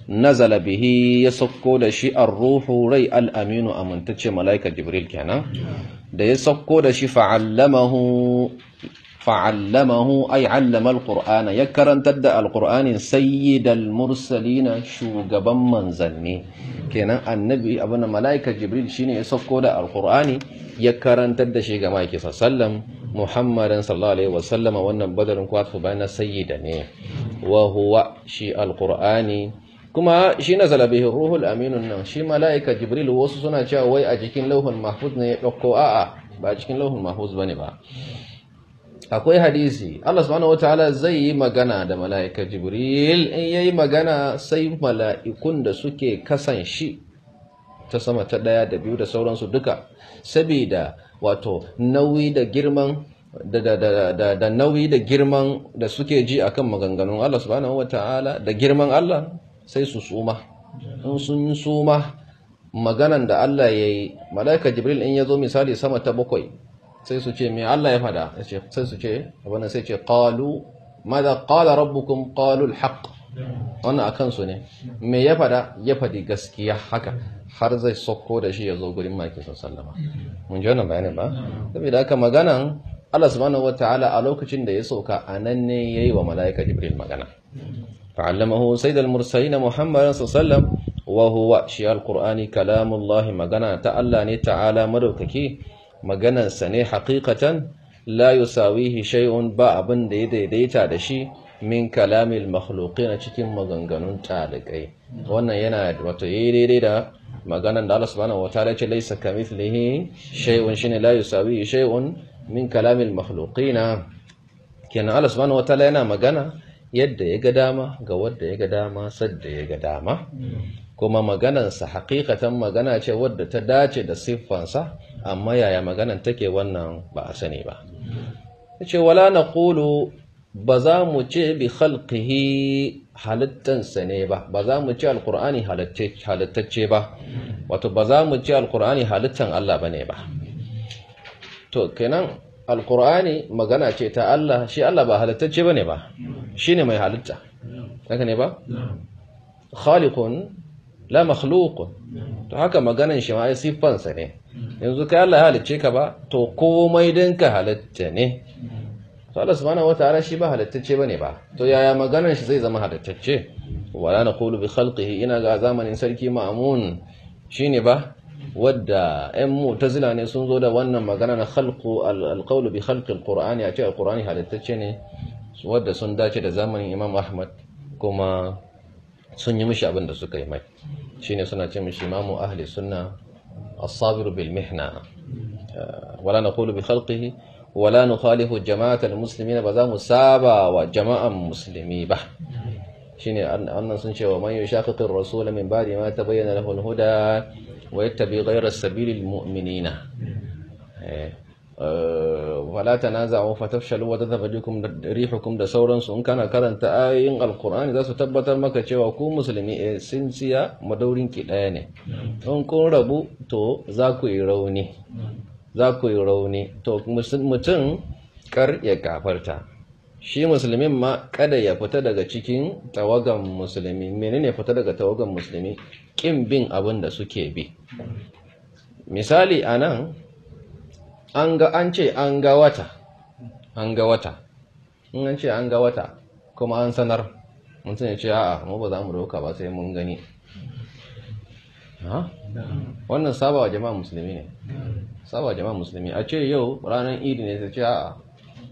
nazala bihi ya sauko da shi ar-ruhu rai al-aminu amintace malaika jibril kenan da ya sauko da shi fa'allamahu fa'allamahu ay 'allama al ya karantar da al-qur'anin sayyidal mursalina shugaban manzanni kenan annabi abin malaika jibril shine ya sauko da al ya karantar da shi ga maki sallam muhammadin sallallahu alaihi wasallama wannan badarin kwatu bayan sayyida ne wa huwa shi alqur'ani kuma shi nazala bihi ruhul aminun nan shi malaika jibril wasu suna cewa wai a cikin lauhul mahfuz ne ya dauko a'a ba a cikin lauhul mahfuz bane ba akwai hadisi Allah subhanahu wataala zai yi magana da malaika jibril in yayi magana sai mala'ikun da suke kasan shi ta sama ta daya da biyu da sauransu duka saboda wato nauyi da girman da nauyi da girman da suke ji akan maganganun Allah subhanahu ta'ala da girman Allah sai su suma in sun suma maganan da Allah ya yi malaika jibril in yazo misali sama ta bakwai sai su ce mai Allah ya fada sai su ce sai ce qalu madha qala rabbukum qalu alhaq wannan akan su ne me ya fada ya fadi gaskiya haka har zai sokko da shi ya zo gurin maki sallama mun ji wannan bayanin ba saboda haka maganan Allah subhanahu wataala a lokacin da ya sauka a nan ne yayi wa malaika Jibril magana fa'allamahu sayyidul mursalin Muhammad sallallahu wa huwa shi alqur'ani kalamullahi magana ta Allah ne ta'ala madaukaki maganar sa ne haqiqatan la yusawihi shay'un ba abin da ya daidaita da shi min kalamil makhluqin cikin maganganun talikai wannan yana wato yayi daidai da maganan da Allah subhanahu wataala ya ce laysa kamithlihi shay'un shine la yusawihi shay'un min kalamin makhluqina kenan Allah subhanahu wataala yana magana yadda ya ga dama ga wadda ya ga dama sadda ya ga dama kuma maganarsa hakikatan magana ce wadda ta dace da siffansa amma yaya maganan take wannan ba a sani ba ce wala na kulu ba za mu ce bi halkihi halittansa ne ba ba za mu ce alkur'ani halittacce ba wato ba za mu ce alkur'ani halittan Allah ba ne ba to kenan alkur'ani magana ce ta Allah shi Allah ba halittacce bane ba shine mai halitta haka ne ba khaliqun la makhluqun to haka maganan shi ma ai siffansa ne yanzu kai Allah ya halicce ka ba to komai dinka halitta ne to Allah subhanahu wataala shi ba halittacce bane ba to yaya maganan shi zai zama halittacce wala naqulu bi khalqihi ina ga zamanin sarki ma'mun shine ba wadda 'yan mutazila ne sun zo da wannan magana na khalqu alqawlu bi khalqi alqur'ani a ce alqur'ani halittacce ne wadda sun dace da zamanin Imam Ahmad kuma sun yi mishi abin da suka yi mai shine suna ce mishi imamu ahli sunna as bil mihna eh, wala naqulu bi khalqihi wala nukhalifu jama'atal muslimin ba za mu saba wa jama'an musulmi ba shine annan sun ce wa man yushaqiqir rasul min ba'di ma ta bayyana al-huda Wai yattabi ghayra sabilil mu'minina wala tanaza'u fatafshalu wa tadhhabu bikum rihukum da sauransu in kana karanta ayoyin alqur'ani za su tabbatar maka cewa ku musulmi sun siya madaurin ki ne in kun rabu to za ku yi rauni za to mutum kar ya kafarta shi musulmin ma kada ya fita daga cikin tawagan musulmi menene fita daga tawagan musulmi kin bin abin da suke bi misali anan an ga an ce an ga wata an ga wata in an ce an ga wata kuma an sanar mutum ya ce a'a mu ba za mu roka ba sai mun gani wannan saba wa jama'a musulmi ne saba wa jama'a musulmi a ce yau ranar idi ne ta ce a'a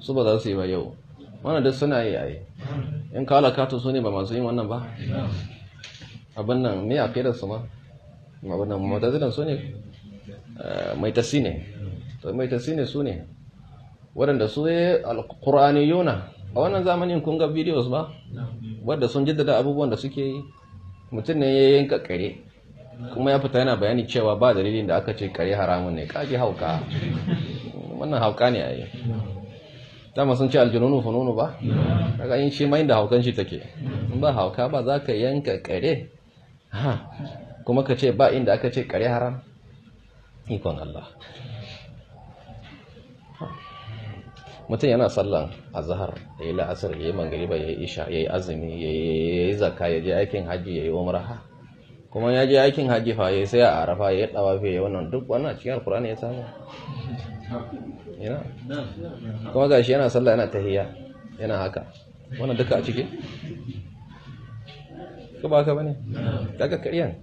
su ba za su yi ba yau wannan da suna yi yi. in ka halakatu su ne ba masu yin wannan ba abin nan me a kai su ma abin nan mutazilan su ne eh, mai tasi ne to mai tasi ne su ne waɗanda su yi alkurani yona a wannan zamanin kun ga videos ba wadda sun jaddada abubuwan da suke yi mutum ne ya yin kare kuma ya fita yana bayani cewa ba dalilin da aka ce kare haramun ne kaji hauka wannan hauka ne a yi dama sun ce aljanunu fununu ba kaga yin shi mai da haukan shi take in ba hauka ba za ka yanka kare ha kuma ka ce ba inda aka ce kare haram ikon Allah mutum yana sallan azhar ya yi la'asar ya yi mangariba ya yi isha ya yi azumi ya yi zaka ya je aikin hajji ya yi umar ha kuma ya je aikin haji faye sai a arafa ya dawa fa yayi wannan duk wannan cikin alqur'ani ya samu yana kuma gashi yana sallah yana tahiyya yana haka wannan duka a ciki ka ba ka bane daga karyan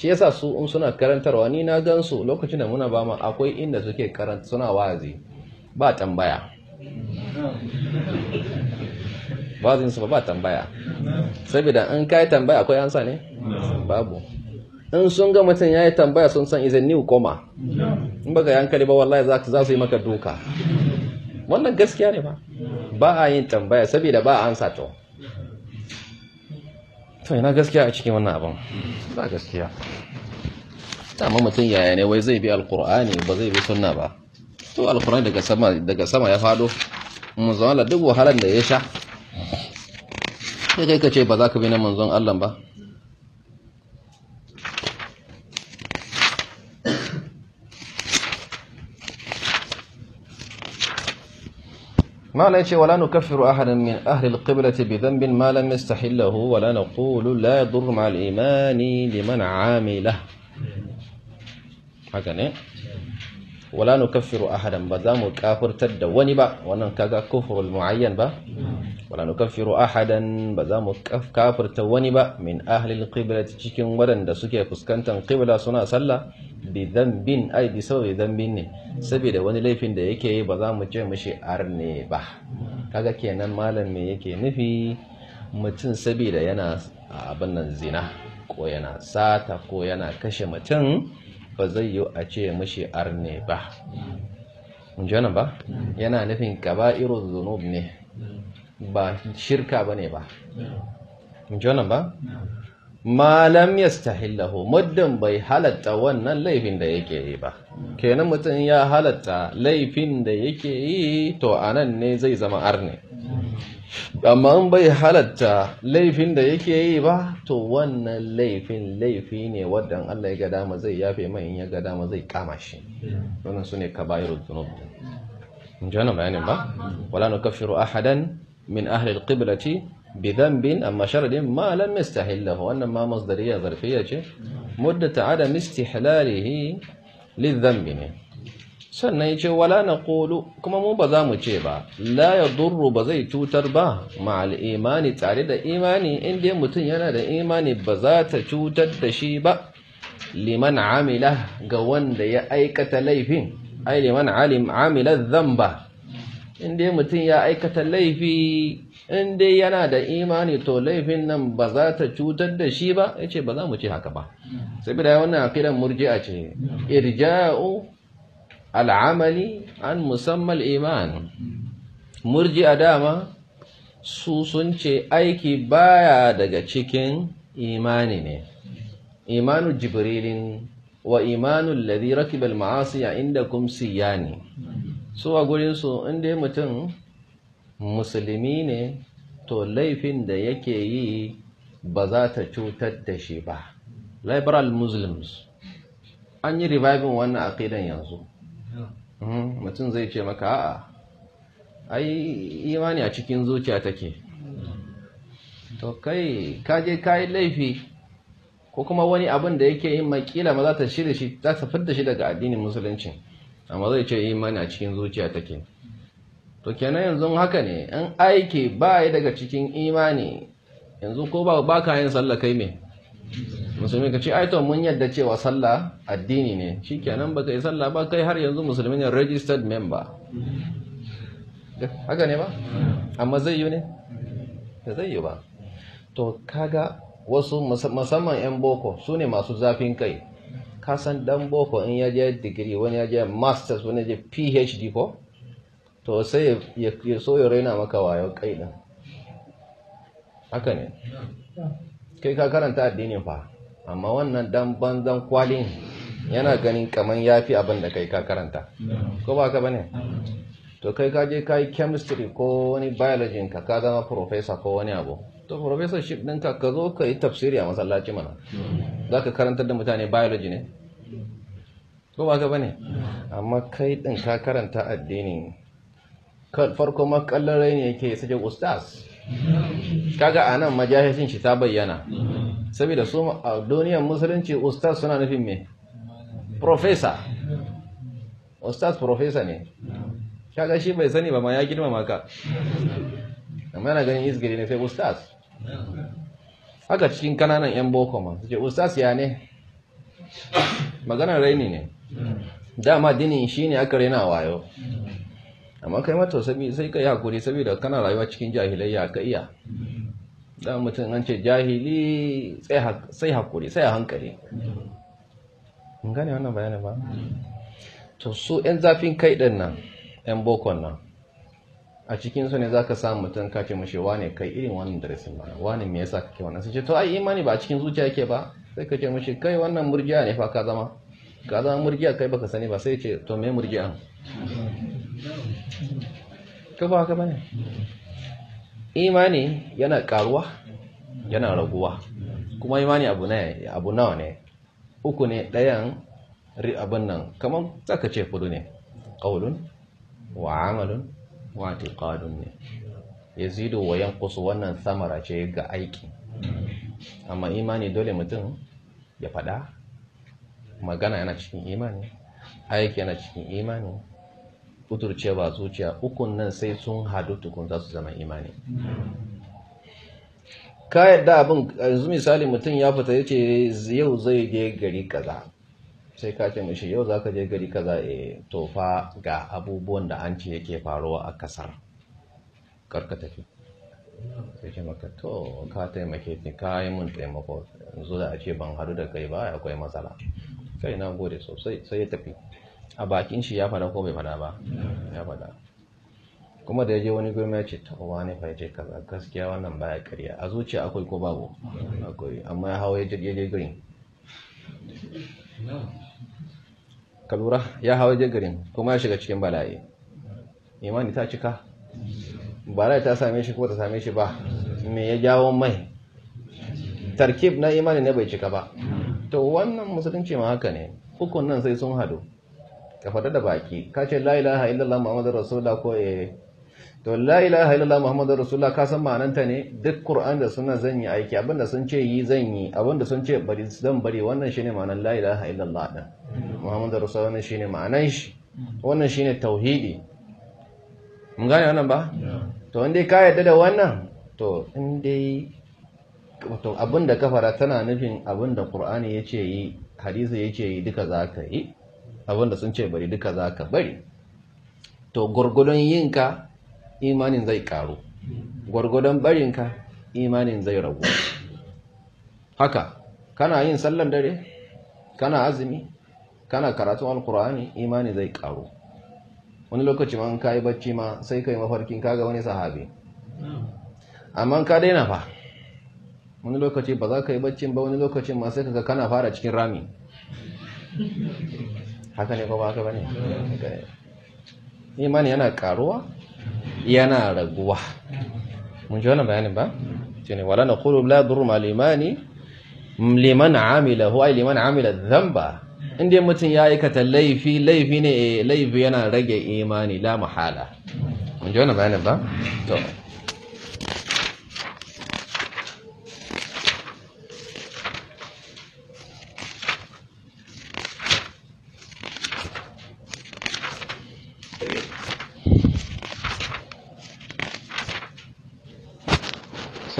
shi yasa su in suna karantarwa ni na gan su lokacin da muna ba ma akwai inda suke karanta suna wazi ba tambaya bazin su ba tambaya saboda in kai tambaya akwai ansa ne babu in sun ga mutum ya yi tambaya sun san is new koma in ba ga yankali ba wallahi za su yi maka duka wannan gaskiya ne ba ba a yin tambaya saboda ba ansa to to ina gaskiya a cikin wannan abin ba gaskiya amma mutum yaya ne wai zai bi alkur'ani ba zai bi sunna ba to alkur'ani daga sama daga sama ya fado mu zama duk wahalar da ya sha sai kai ka ce ba za ka bi na manzon Allah ba معنى شيء ولا نكفر أحدا من أهل القبلة بذنب ما لم يستحله ولا نقول لا يضر مع الإيمان لمن عامله هكذا wala nukaffiru ahadan ba za mu kafirtar da wani ba wannan kaga kufrul muayyan ba wala nukaffiru ahadan ba za mu kafirta wani ba min ahlil qiblati cikin wadanda suke fuskantar qibla suna sallah bi dhanbin ai bi sabbi dhanbin ne saboda wani laifin da yake ba za mu ce mishi arne ba kaga kenan malam me yake nufi mutum saboda yana abin nan zina ko yana sata ko yana kashe mutum ba zai yi a ce mashi arne ba jana ba yana nufin gaba iro zunub ne ba shirka ba ne ba jana ba malam ya stahillahu muddin bai halatta wannan laifin da yake yi ba kenan mutum ya halatta laifin da yake yi to anan ne zai zama arne amma bai halatta laifin da yake yi ba to wannan laifin laifi ne wadda Allah ya ga dama zai yafe mai in ya ga dama zai kama shi wannan sune kaba'irul dhunub in ji wannan bayanin ba wala nukaffiru ahadan min ahli alqiblati bi dhanbin amma sharadin ma lam yastahillahu wannan ma masdariya zarfiyya ce muddat adam istihlalihi lidhanbi ne sannan ya ce wala na ƙolo kuma mu ba za mu ce ba la ya durru ba zai cutar ba ma'al imani tare da imani inda mutum yana da imani ba za ta cutar da shi ba liman amila ga wanda ya aikata laifin ai liman alim amila zamba inda mutum ya aikata laifi inda yana da imani to laifin nan ba za ta cutar da shi ba ya ce ba za mu ce haka ba sai bi da wannan akidan murji'a ce irja'u al'amali an musamman iman murji a dama su sun ce aiki baya daga cikin imani ne imanu jibrilin wa imanu ladhi rakiba al-ma'asi indakum siyani Su a gurinsu, su inda mutum musulmi ne to laifin da yake yi ba za ta cutar da shi ba liberal muslims an yi reviving wannan akidan yanzu Hmm, mutum zai ce maka a'a ai imani a cikin zuciya take to kai kaje kayi laifi ko kuma wani abin da yake yin makila maza ta shirya shi za ta fidda shi daga addinin musulunci amma zai ce imani a cikin zuciya take to kenan yanzu haka ne in aiki ba daga cikin imani yanzu ko ba ka yin sallah kai me musulmi ka ce ai to mun yadda cewa sallah addini ne shi shikenan baka yi sallah ba kai har yanzu musulmi ne registered member haka ne ba amma zai yi ne da zai yi ba to kaga wasu musamman yan boko su ne masu zafin kai kasan dan boko in ya je digiri wani ya je masters wani ya je phd ko to sai ya so ya raina maka wayo kai din haka ne kai ka karanta addini fa amma wannan dan banzan kwalin yana ganin kaman yafi abin da kai ka karanta ko ba ka bane to kai ka je kai chemistry ko wani biology ka ka zama professor ko wani abu to professorship ɗinka ka zo ka yi tafsiri a masallaci mana za ka karantar da mutane biology ne ko ba ka bane amma kai ɗin ka karanta addinin farko makallar rai ne yake sake ustaz kaga anan majahisin shi ta bayyana saboda su a duniyar musulunci ustaz suna nufin me professor ustaz professor ne kaga shi bai sani ba ma ya girmama ka amma yana ganin izgiri ne sai ustaz haka cikin kananan yan boko ma su ce ustaz ya ne maganar raini ne dama dinin shi ne aka raina wayo amma kai mata sai ka yi hakuri saboda kana rayuwa cikin jahilayya ka iya dan mutum an ce jahili sai hakuri sai hankali in gane wannan bayanin ba to su yan zafin kai din nan yan bokon nan a cikin su ne zaka samu mutum ka ce mashi wane kai irin wannan darasin ba wane me yasa kake wannan sai ce to ai imani ba a cikin zuciya yake ba sai ka ce mashi kai wannan murjiya ne fa ka zama ka zama murjiya kai baka sani ba sai ce to me murgiya? kafa bane imani yana karuwa yana raguwa kuma imani abu ne abu nawa ne uku ne dayan ri abin nan kaman zaka ce fudu ne qaulun wa amalun wa i'tiqadun ne yazidu wa yanqusu wannan samara ce ga aiki amma imani dole mutum ya fada magana yana cikin imani aiki yana cikin imani kuturcewa zuciya ukun nan sai sun hadu tukun za su zama imani ka yadda abin yanzu misali mutum ya fita ya ce yau zai je gari kaza sai ka ce mashi yau za ka je gari kaza e eh, tofa ga abubuwan da an ce yake faruwa a kasar karka tafi sai ce maka to ka taimake ni ka yi mun taimako yanzu da a ce ban hadu da kai ba akwai matsala kai na gode sosai sai ya tafi a bakin shi ya faɗa ko bai faɗa ba ya fada kuma da ya je wani goma ya ce taɓa ne fa ya ce kaza gaskiya wannan baya karya a zuciya akwai ko babu akwai amma ya hawa ya je gurin ka lura ya hawa ya je kuma ya shiga cikin bala'i imani ta cika bala'i ta same shi ko ta same shi ba me ya jawo mai tarkib na imani ne bai cika ba to wannan musulunci ma haka ne hukun nan sai sun hadu ka faɗa da baki ka ce la ilaha illallah Muhammadu rasulullah ko eh to la ilaha illallah Muhammadu rasulullah ka san ma'ananta ne duk qur'an da sunna zan yi aiki abinda sun ce yi zan yi abinda sun ce bari zan bari wannan shine ma'anar la ilaha illallah din Muhammadu rasulullah wannan shine ma'anan shi wannan shine tauhidi mun gane wannan ba to in dai ka yadda da wannan to in dai wato abinda ka fara tana nufin abinda qur'ani yace yi hadisi yace yi duka zaka yi abinda sun ce bari duka za ka bari to gwargwadon yinka imanin zai karu gwargwadon barinka imanin zai ragu haka kana yin sallan dare kana azumi kana karatun alkur'ani imani zai karu wani lokaci ma ka yi bacci ma sai kai mafarkin kaga wani sahabi amma ka daina fa wani lokaci ba za ka yi baccin ba wani lokacin ma sai kaga kana fara cikin rami haka ne ba ba haka bane imani yana karuwa yana raguwa mun ji wannan bayanin ba shine wala naqulu la dhurru ma limani liman amila huwa liman amila dhanba inda mutum ya aikata laifi laifi ne eh, laifi yana rage imani la muhala mun ji wannan bayanin ba to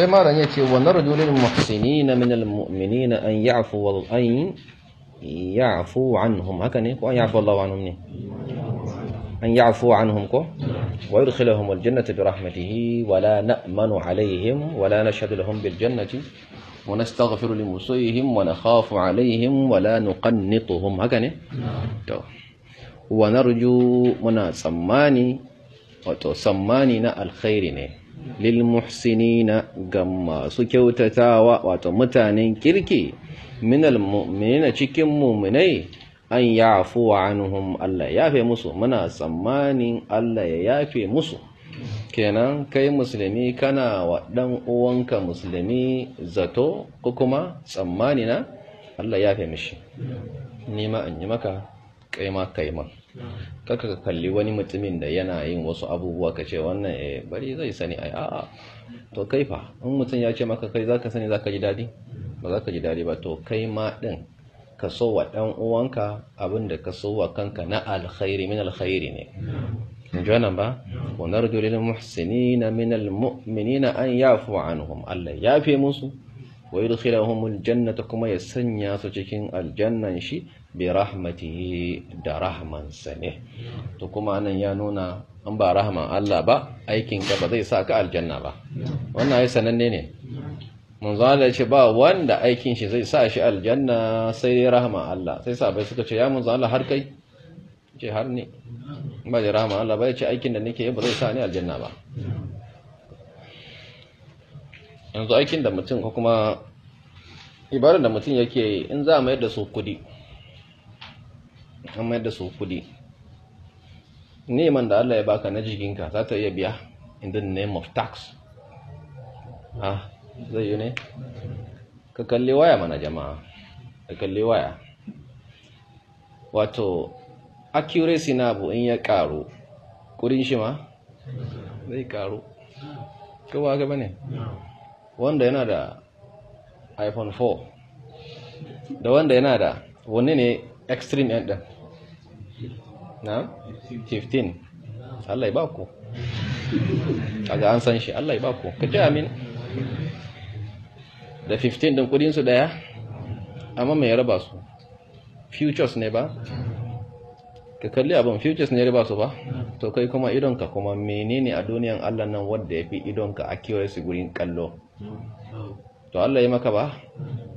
sai malam ya ce wa narju lil muhsinin min al mu'minin an ya'fu an ya'fu anhum haka ne ko an ya'fu Allah anhum ne an ya'fu anhum ko wa yudkhiluhum al jannata bi rahmatihi wa la na'manu alaihim wa la nashhadu lahum bil jannati wa nastaghfiru li musayhim wa nakhafu alaihim wa la nuqannituhum haka ne to wa narju muna tsammani wato tsammani na alkhairi ne lil muhsinina ga masu kyautatawa wato mutanen kirki minal mu'minina cikin mu'minai an yafu anhum Allah yafe musu muna tsammanin Allah ya yafe musu kenan kai musulmi kana wa dan uwanka musulmi zato ko kuma tsammani na Allah yafe mishi nima an yi maka kai ma kai ma kaka ka kalli wani mutumin da yana yin wasu abubuwa ka ce wannan eh bari zai sani ai a'a to kai fa in mutum ya ce maka kai zaka sani zaka ji dadi ba zaka ji dadi ba to kai ma din ka so wa dan uwanka abinda ka so wa kanka na alkhairi min alkhairi ne jona ba wa narju lil muhsinina min al an yafu anhum Allah yafe musu wa yudkhiluhumul jannata kuma ya sanya su cikin aljannan shi bi rahmatihi da rahmansa ne to kuma nan ya nuna an ba rahman Allah ba aikin ka ba zai sa ka aljanna ba wannan ai sananne ne manzo Allah ya ce ba wanda aikin shi zai sa shi aljanna sai dai rahman Allah sai sabai suka ce ya manzo Allah har kai ce har ne ba da rahman Allah ba ya ce aikin da nake ba zai sa ni aljanna ba yanzu aikin da mutum ko kuma ibarar da mutum yake in za a mayar da su kudi an mayar da su kudi neman da Allah ya baka na jikinka za ta iya biya in the name of tax ah zai yi ne ka kalli waya mana jama'a ka kalli waya wato accuracy na abu in ya karu kudin shi ma zai karu kowa gaba ne wanda yana da iphone 4 da wanda yana da wanne ne extreme end din na 15 ba ku baku ga an san shi allai ba ku ka ji amin da 15 din kudinsu su daya amma mai raba su futures ne ba ka kalli abin futures ne riba su ba to kai kuma idonka kuma menene a duniyan Allah nan wanda ya fi idonka a su gurin kallo to Allah ya maka ba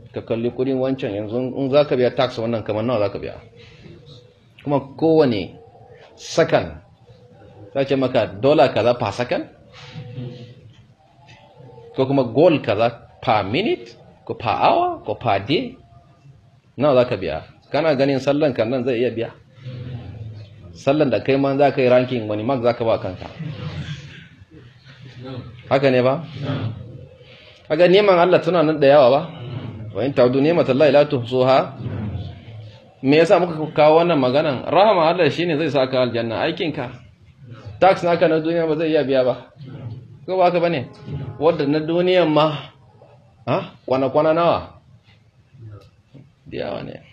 ka kalli kudin wancan yanzu in za ka biya tax wannan kamar nawa za ka biya kuma kowane sakan ta ce maka dola kaza per second ko kuma gold kaza per minute ko per hour ko per day nawa za ka biya kana ganin sallan kan nan zai iya biya sallan da kai man za ka yi rankin wani mark za ka ba kanka haka ne ba? haka neman Allah tuna nan da yawa ba? wani taudu ne matallahi so ha? me yasa muka kawo wannan maganan rahama Allah shi ne zai sa ka aljanna aikinka tax naka na duniya ba zai iya biya ba ko ba haka bane wadda na duniyan ma ha ah, kwana kwana nawa yawa ne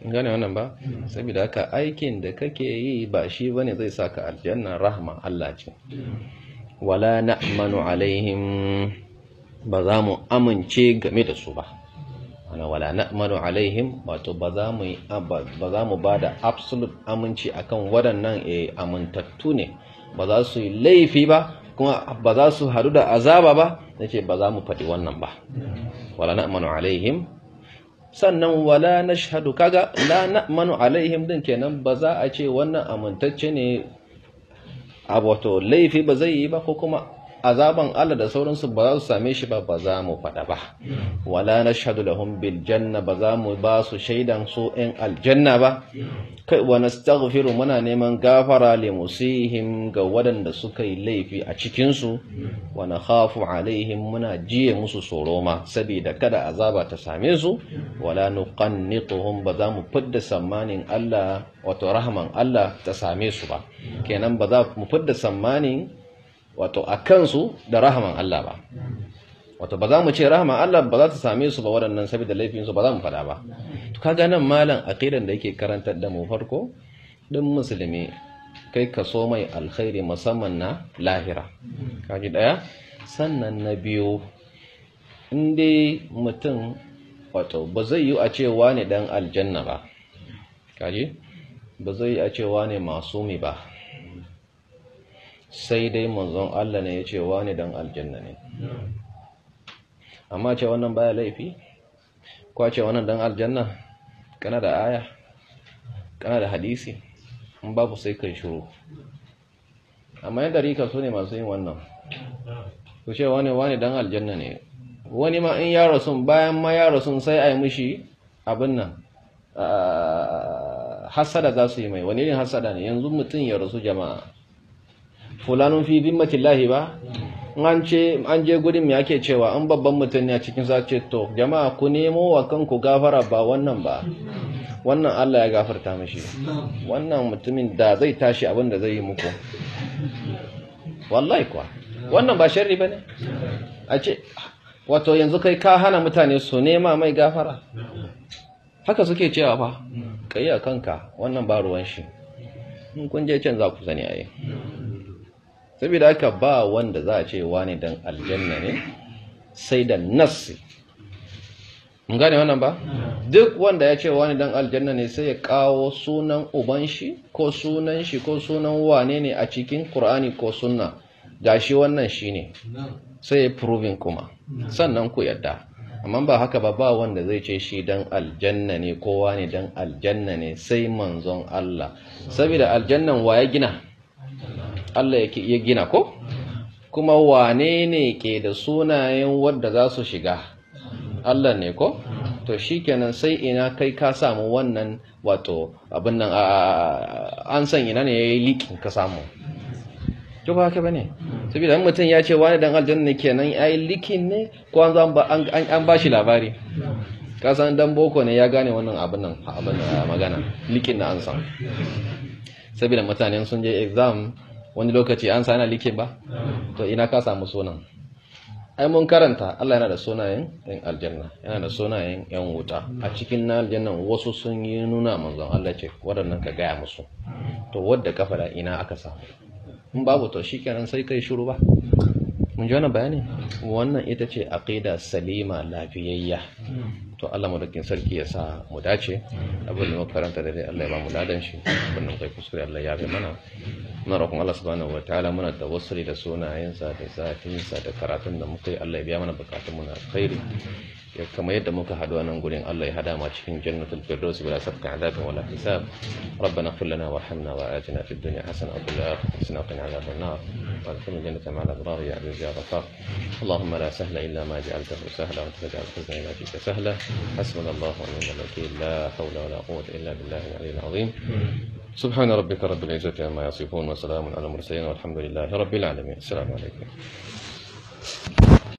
gane wannan ba saboda haka aikin da kake yi ba shi bane zai saka aljanna rahma Allah ce wala na'manu alaihim ba za mu amince game da su ba ana wala na'manu alaihim wato ba za mu ba za mu bada absolute aminci akan waɗannan e amintattu ne ba za su yi laifi ba kuma ba za su haɗu da azaba ba nace ba za mu faɗi wannan ba wala na'manu alaihim sannan wala na shahadu, kaga la manu alaihim din kenan ba za a ce wannan amintacce ne a wato laifi ba zai yi ba ko kuma azaban Allah da sauransu ba za su same shi ba ba za mu faɗa ba wala nashhadu lahum bil janna ba za mu ba su shaidan su in aljanna ba kai wa nastaghfiru muna neman gafara li musihim ga waɗanda suka yi laifi a cikin su wa nakhafu alaihim muna jiye musu tsoro ma saboda kada azaba ta same su wala nuqannituhum ba za mu fidda sammanin Allah wato rahman Allah ta same su ba kenan ba za mu fidda sammanin wato a kansu da rahaman Allah ba wato ba za mu ce rahaman Allah ba za ta same su ba waɗannan saboda laifinsu ba za mu faɗa ba to kaga nan malam aqidan da yake karantar da mu farko din musulmi kai ka so mai alkhairi musamman na lahira kaji daya sannan na biyu inde mutum wato ba zai yi a cewa ne dan aljanna ba kaji ba zai yi a cewa ne masumi ba sai dai manzon Allah ne ya ce wani dan aljanna ne amma ce wannan baya laifi kwa ce wannan dan aljanna kana da aya kana da hadisi in babu sai kai shiru amma yadda rika su ne masu yin wannan ku ce wani wani dan aljanna ne wani ma in yaro sun bayan ma yaro sun sai a yi mishi abin nan hasada za su yi mai wani irin hasada ne yanzu mutum ya rasu jama'a fulanun fi zimmatillahi ba hmm. an ce an je gudun mai ake cewa an babban mutum ne a cikin zace to jama'a ku nemo wa kanku gafara ba wannan ba hmm. wannan Allah ya gafarta mashi hmm. wannan mutumin da zai tashi abin da zai yi muku wallahi kuwa wannan ba ba ne a ce wato yanzu kai ka hana mutane su nema mai gafara haka suke cewa fa kai a kanka wannan ba ruwan shi kun je can za ku sani yi. saboda aka ba wanda za a ce wani dan aljanna ne sai da nassi mun gane wannan ba duk wanda ya ce wani dan aljanna ne sai ya kawo sunan uban shi ko sunan shi ko sunan wane ne a cikin Kur'ani ko sunna shi wannan shi ne, sai ya proving kuma sannan ku yadda amma ba haka ba ba wanda zai ce shi dan aljanna ne kowa ne dan aljanna ne sai manzon Allah saboda aljannan wa ya gina Allah ya gina ko kuma wane ne ke da sunayen wadda za su shiga Allah ne ko to shikenan sai ina kai ka samu wannan wato abin nan an san ina ne yi likin ka samu to ba haka ne saboda in mutum ya ce wani dan aljanna kenan ya yi likin ne ko an zan ba an shi labari ka san dan boko ne ya gane wannan abin nan abin magana likin na an san saboda mutanen sun je exam wani lokaci an sa yana likin ba to ina ka samu sunan ai mun karanta Allah yana da sunayen yan aljanna yana da sunayen yan wuta a cikin na aljanna wasu sun yi nuna manzon Allah ce waɗannan ka gaya musu to wadda kafa fara ina aka samu in babu to shikenan sai kai shiru ba mun ji wannan bayani wannan ita ce aqida salima lafiyayya to Allah madaukin sarki ya sa mu dace abin da makaranta da dai Allah ya ba mu ladan shi abin da kai kuskure Allah ya ga mana muna roƙon Allah subhanahu wataala muna da wasuri da sunayensa da zatinsa da karatun da muka yi Allah ya biya mana bukatun mu na alkhairi ya kamar yadda muka haɗu a nan gurin Allah ya hada ma cikin jannatul firdaus bila sabta azabin wala hisab rabbana ighfir lana warhamna wa atina fid dunya hasana wa fil akhirati hasana wa qina adhaban nar wa adkhilna jannata ma'al abrar ya aziz ya ghafar allahumma la sahla illa ma ja'altahu sahla wa taj'al al-huzna illa fi sahla hasbuna allah wa ni'mal wakeel la hawla wa la quwwata illa billahi al-'aliyyil 'azim سبحان ربك رب العزة عما يصفون وسلام على المرسلين والحمد لله رب العالمين السلام عليكم